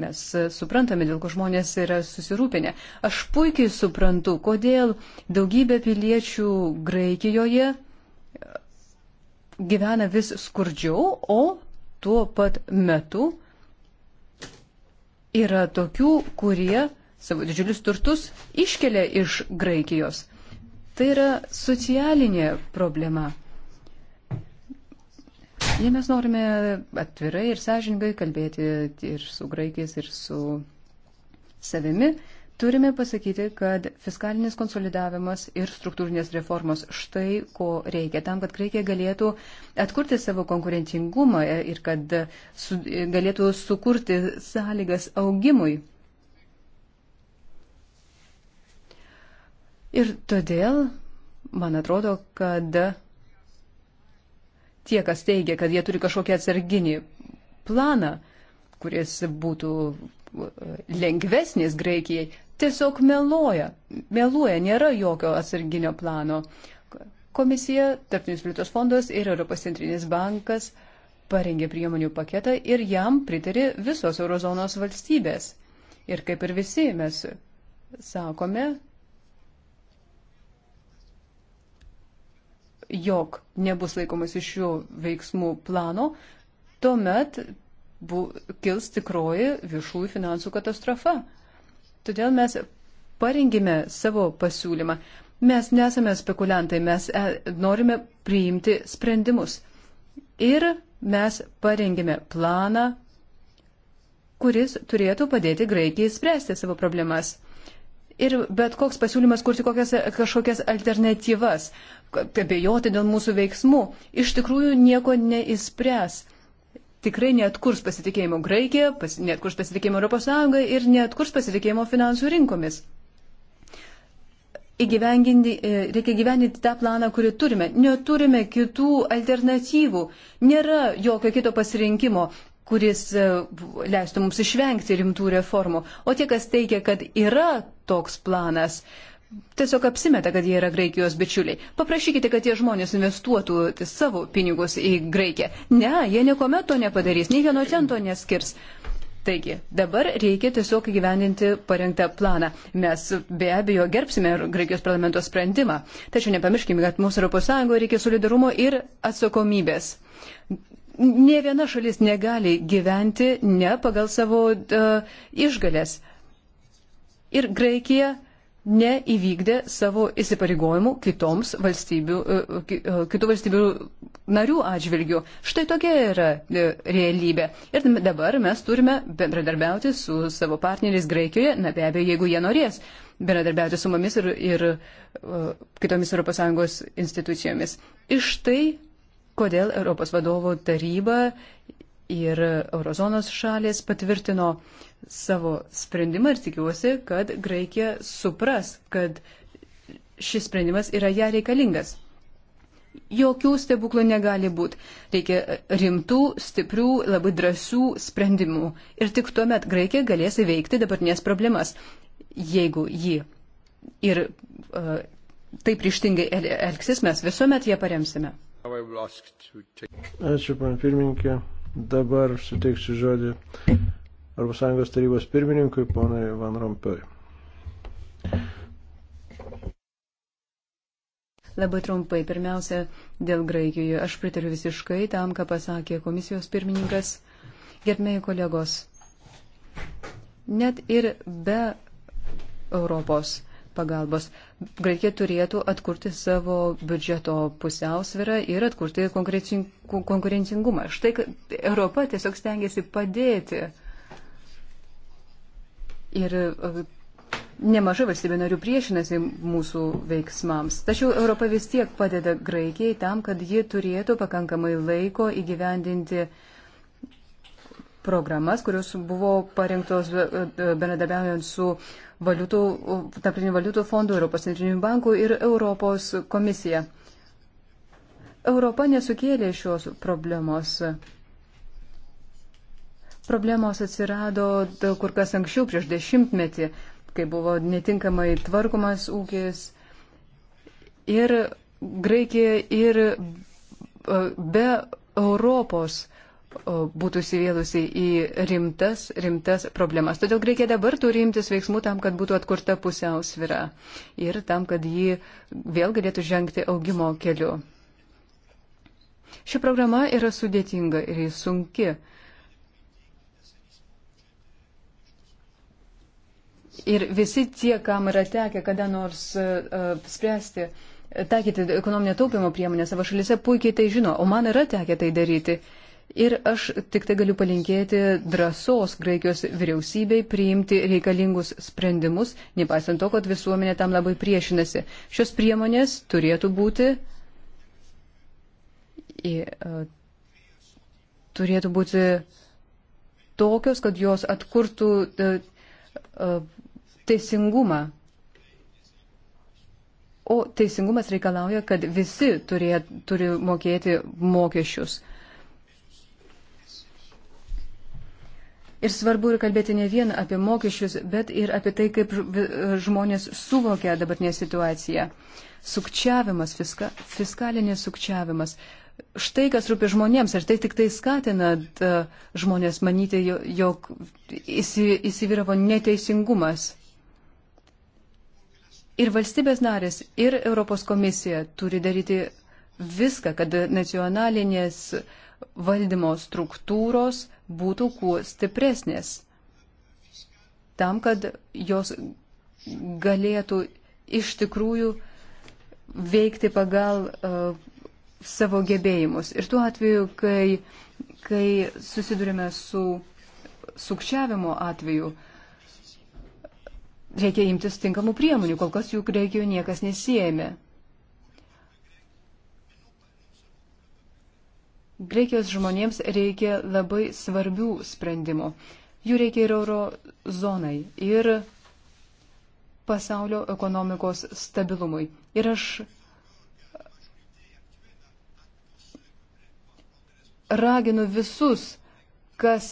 Mes e, suprantame, dėl ko žmonės yra susirūpinę. Aš puikiai suprantu, kodėl daugybė piliečių Graikijoje e, gyvena vis skurdžiau, o tuo pat metu yra tokių, kurie savo didžiulius turtus iškelia iš Graikijos. Tai yra socialinė problema. Jei mes norime atvirai ir sąžiningai kalbėti ir su graikais, ir su savimi, Turime pasakyti, kad fiskalinis konsolidavimas ir struktūrinės reformos štai ko reikia, tam, kad Graikija galėtų atkurti savo konkurencingumą ir kad su, galėtų sukurti sąlygas augimui. Ir todėl, man atrodo, kad tie, kas teigia, kad jie turi kažkokį atsarginį planą, kuris būtų lengvesnis Graikijai, tiesiog meluoja. Meluoja, nėra jokio atsarginio plano. Komisija, Tarptautinis valiutos fondas ir Europos centrinis bankas parengė priemonių paketą ir jam pritarė visos eurozonos valstybės. Ir kaip ir visi mes sakome, jog nebus laikomas iš šių veiksmų plano, tuomet bu, kils tikroji viešųjų finansų katastrofa. Todėl mes parengėme savo pasiūlymą. Mes nesame spekuliantai, mes e, norime priimti sprendimus. Ir mes parengėme planą, kuris turėtų padėti Graikijai spręsti savo problemas. Ir bet koks pasiūlymas kurti kokias, kažkokias alternatyvas, abejoti dėl mūsų veiksmų, iš tikrųjų nieko neįspręs tikrai neatkurs pasitikėjimo Graikija, pas, neatkurs pasitikėjimo ES ir neatkurs pasitikėjimo finansų rinkomis. E, įgyvendinti, reikia gyveninti tą planą, kurį turime. Neturime kitų alternatyvų. Nėra jokio kito pasirinkimo kuris e, leistų mums išvengti rimtų reformų. O tie, kas teigia, kad yra toks planas, uh, tiesiog apsimeta, kad jie yra Graikijos bičiuliai. Paprašykite, kad tie žmonės investuotų savo pinigus į Graikiją. Ne, jie niekuomet to nepadarys, nei vieno cento neskirs. Taigi, dabar reikia tiesiog gyveninti parengtą planą. Mes be abejo gerbsime Graikijos parlamento sprendimą. Tačiau nepamirškime, kad mūsų ES reikia solidarumo ir atsakomybės. Ne viena šalis negali gyventi ne pagal savo uh, išgalės. Ir Graikija neįvykdė savo įsipareigojimų kitoms valstybių, e, e, kitų valstybių narių atžvilgių. Štai tokia yra e, realybė. Ir dabar mes turime bendradarbiauti su savo partneriais Graikijoje, na be abejo, jeigu jie norės bendradarbiauti su mumis ir, ir kitomis ES institucijomis. Iš tai, kodėl Europos vadovų taryba ir eurozonos šalės patvirtino savo sprendimą ir tikiuosi, kad Graikija supras, kad šis sprendimas yra ją reikalingas. Jokių stebuklų negali būti. Reikia rimtų, stiprių, labai drąsių sprendimų. Ir tik tuomet Graikija galės įveikti dabartinės problemas, jeigu ji ir uh, taip ryštingai el elgsis, mes visuomet ją paremsime. Ačiū, pan pirmininkė. Dabar suteiksiu žodį Europos Sąjungos tarybos pirmininkui, ponai Van Rompioj. Labai trumpai, pirmiausia, dėl Graikijoje. Aš pritariu visiškai tam, ką pasakė komisijos pirmininkas. Gerbėjai kolegos, net ir be Europos pagalbos. Graikija turėtų atkurti savo biudžeto pusiausvirą ir atkurti konkurencingumą. Štai Europa tiesiog stengiasi padėti. Ir e, nemažai valstybių narių priešinasi mūsų veiksmams. Tačiau Europa vis tiek padeda Graikijai tam, kad ji turėtų pakankamai laiko įgyvendinti uh, programas, kurios buvo parengtos e, e, bendradarbiaujant su valiutų, tarptautiniu valiutų fondu, Europos centriniu banku ir Europos komisija. Europa nesukėlė šios problemos. Problemos atsirado kur kas anksčiau, prieš dešimtmetį, kai buvo netinkamai tvarkomas ūkis. Ir Graikija ir e, be Europos būtų įsivėlusi į rimtas, rimtas problemas. Todėl Graikija dabar turi imtis veiksmų tam, kad būtų atkurta pusiausvira ir tam, kad ji vėl galėtų žengti augimo keliu. Ši programa yra sudėtinga ir jis sunki. Ir visi tie, kam yra tekę kada nors uh, spręsti, taikyti ekonominio taupimo priemonę savo šalyse, puikiai tai žino, o man yra tekę tai daryti. Uh, Ir aš tik tai galiu palinkėti drąsos Graikijos vyriausybei priimti reikalingus sprendimus, nepaisant to, kad visuomenė tam labai priešinasi. Šios priemonės turėtų būti, e, turėtų būti tokios, kad jos atkurtų e, e, teisingumą. O teisingumas reikalauja, kad visi turė, turi mokėti mokesčius. Ir svarbu ir kalbėti ne vien apie mokesčius, bet ir apie tai, kaip žmonės suvokia dabartinę situaciją. Sukčiavimas, fiska, fiskalinės sukčiavimas. Štai kas rūpi žmonėms ir tai tik tai skatina žmonės manyti, jog įsivyravo neteisingumas. Ir valstybės narės, ir Europos komisija turi daryti viską, kad nacionalinės uh, valdymo struktūros būtų kuo stipresnės, tam, kad jos galėtų iš tikrųjų veikti pagal uh, savo gebėjimus. Ir tuo atveju, kai, kai susidurime su sukčiavimo atveju, reikia imtis tinkamų priemonių, kol kas jų reikėjo niekas nesijėmė. Greikijos žmonėms reikia labai svarbių sprendimų. Jų reikia ir euro zonai, ir pasaulio ekonomikos stabilumui. Ir aš raginu visus, kas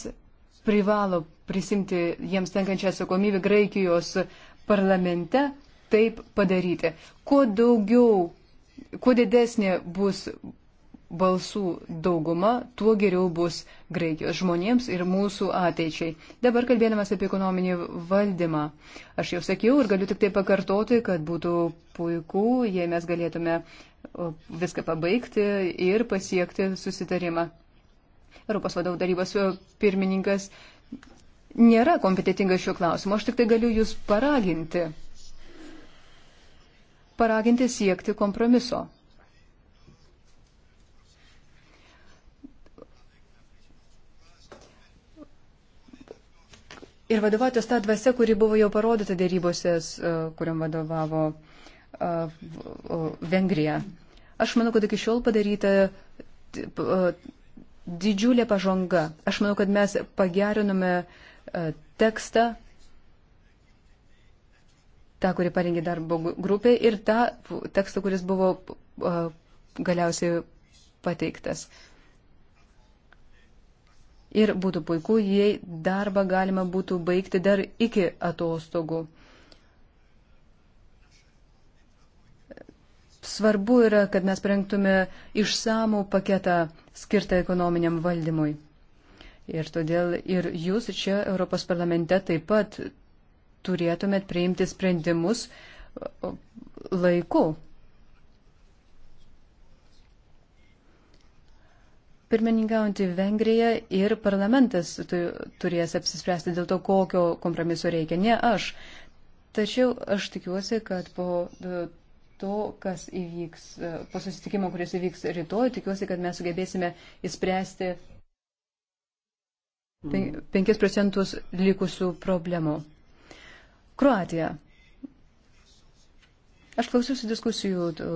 privalo prisimti jiems tenkančią atsakomybę Graikijos parlamente, taip padaryti. Kuo daugiau, kuo didesnė bus balsų dauguma, tuo geriau bus Graikijos žmonėms ir mūsų ateičiai. Dabar kalbėdamas apie ekonominį valdymą, aš jau sakiau ir galiu tik tai pakartoti, kad būtų puiku, jei mes galėtume viską pabaigti ir pasiekti susitarimą. Europos vadovų tarybos pirmininkas nėra kompetitingas šiuo klausimu, aš tik tai galiu jūs paraginti. Paraginti siekti kompromiso. ir vadovautis tą dvasę, kuri buvo jau parodyta dėrybose, e, kuriam vadovavo e, e, Vengrija. Aš manau, kad iki šiol padaryta didžiulė pažanga. Aš manau, kad mes pagerinome tekstą, tą, kurį parengė darbo grupė ir tą tekstą, kuris buvo galiausiai pateiktas. Ir būtų puiku, jei darbą galima būtų baigti dar iki atostogų. Svarbu yra, kad mes parengtume išsamų paketą skirtą ekonominiam valdymui. Ir todėl ir jūs čia Europos parlamente taip pat turėtumėt priimti sprendimus laiku. pirmininkaujantį Vengriją ir parlamentas turės apsispręsti dėl to, kokio kompromiso reikia, ne aš. Tačiau aš tikiuosi, kad po e, to, kas įvyks, e, po susitikimo, kuris įvyks rytoj, tikiuosi, kad mes sugebėsime įspręsti 5 procentus likusių problemų. Kroatija. Aš klausiausi diskusijų e,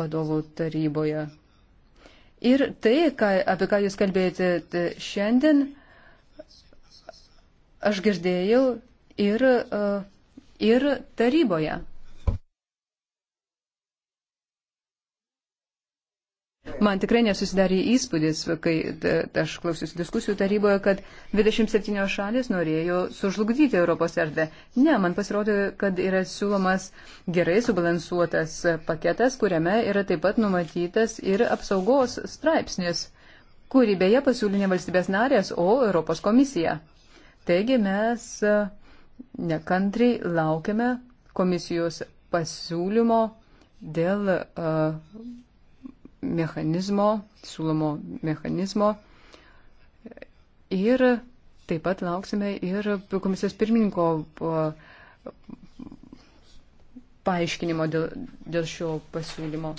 vadovų taryboje Ir tai, ką, apie ką jūs kalbėjote šiandien, aš girdėjau ir, e, ir taryboje. Man tikrai nesusidarė įspūdis, kai aš klausiausi diskusijų taryboje, kad 27 šalis norėjo sužlugdyti Europos erdvę. Ne, man pasirodė, kad yra siūlomas gerai subalansuotas paketas, kuriame yra taip pat numatytas ir apsaugos straipsnis, kurį beje pasiūlė ne valstybės narės, o Europos komisija. Taigi mes nekantriai laukiame komisijos pasiūlymo dėl. Uh, mechanizmo, siūlomo mechanizmo. Ir taip pat lauksime ir komisijos pirmininko paaiškinimo dėl, dėl šio pasiūlymo.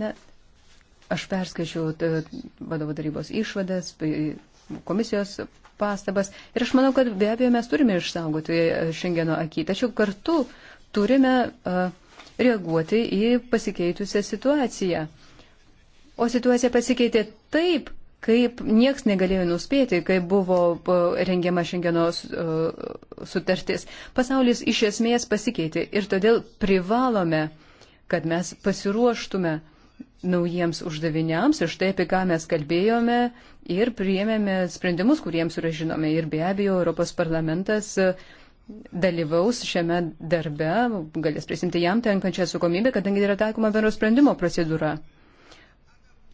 Na, aš perskaičiau vadovo tarybos išvadas, komisijos pastabas ir aš manau, kad be abejo mes turime išsaugoti Šengeno akį, tačiau kartu uh, turime reaguoti į pasikeitusią situaciją. O situacija pasikeitė taip, kaip nieks negalėjo nuspėti, kai buvo rengiama šiandieno sutartis. Pasaulis iš esmės pasikeitė ir todėl privalome, kad mes pasiruoštume naujiems uždaviniams ir štai apie ką mes kalbėjome ir priėmėme sprendimus, kuriems yra žinome. Ir be abejo, Europos parlamentas uh, dalyvaus šiame darbe, galės prisimti jam tenkančią atsakomybę, kadangi yra taikoma bendro sprendimo procedūra.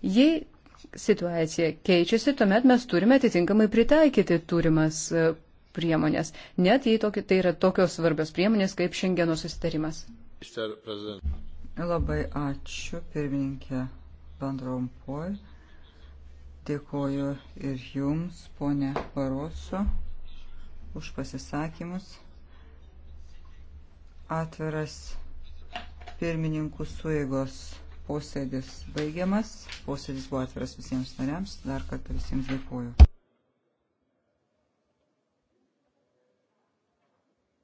Jei situacija keičiasi, tuomet mes turime atitinkamai pritaikyti turimas e, priemonės, net jei tokio, tai yra tokios svarbios priemonės kaip Šengeno susitarimas. Labai ačiū, pirmininkė Vandrompoj. Dėkoju ir jums, ponė Paroso už pasisakymus. Atviras pirmininkų suėgos posėdis baigiamas. Posėdis buvo atviras visiems nariams. Dar kartą visiems dėkuoju.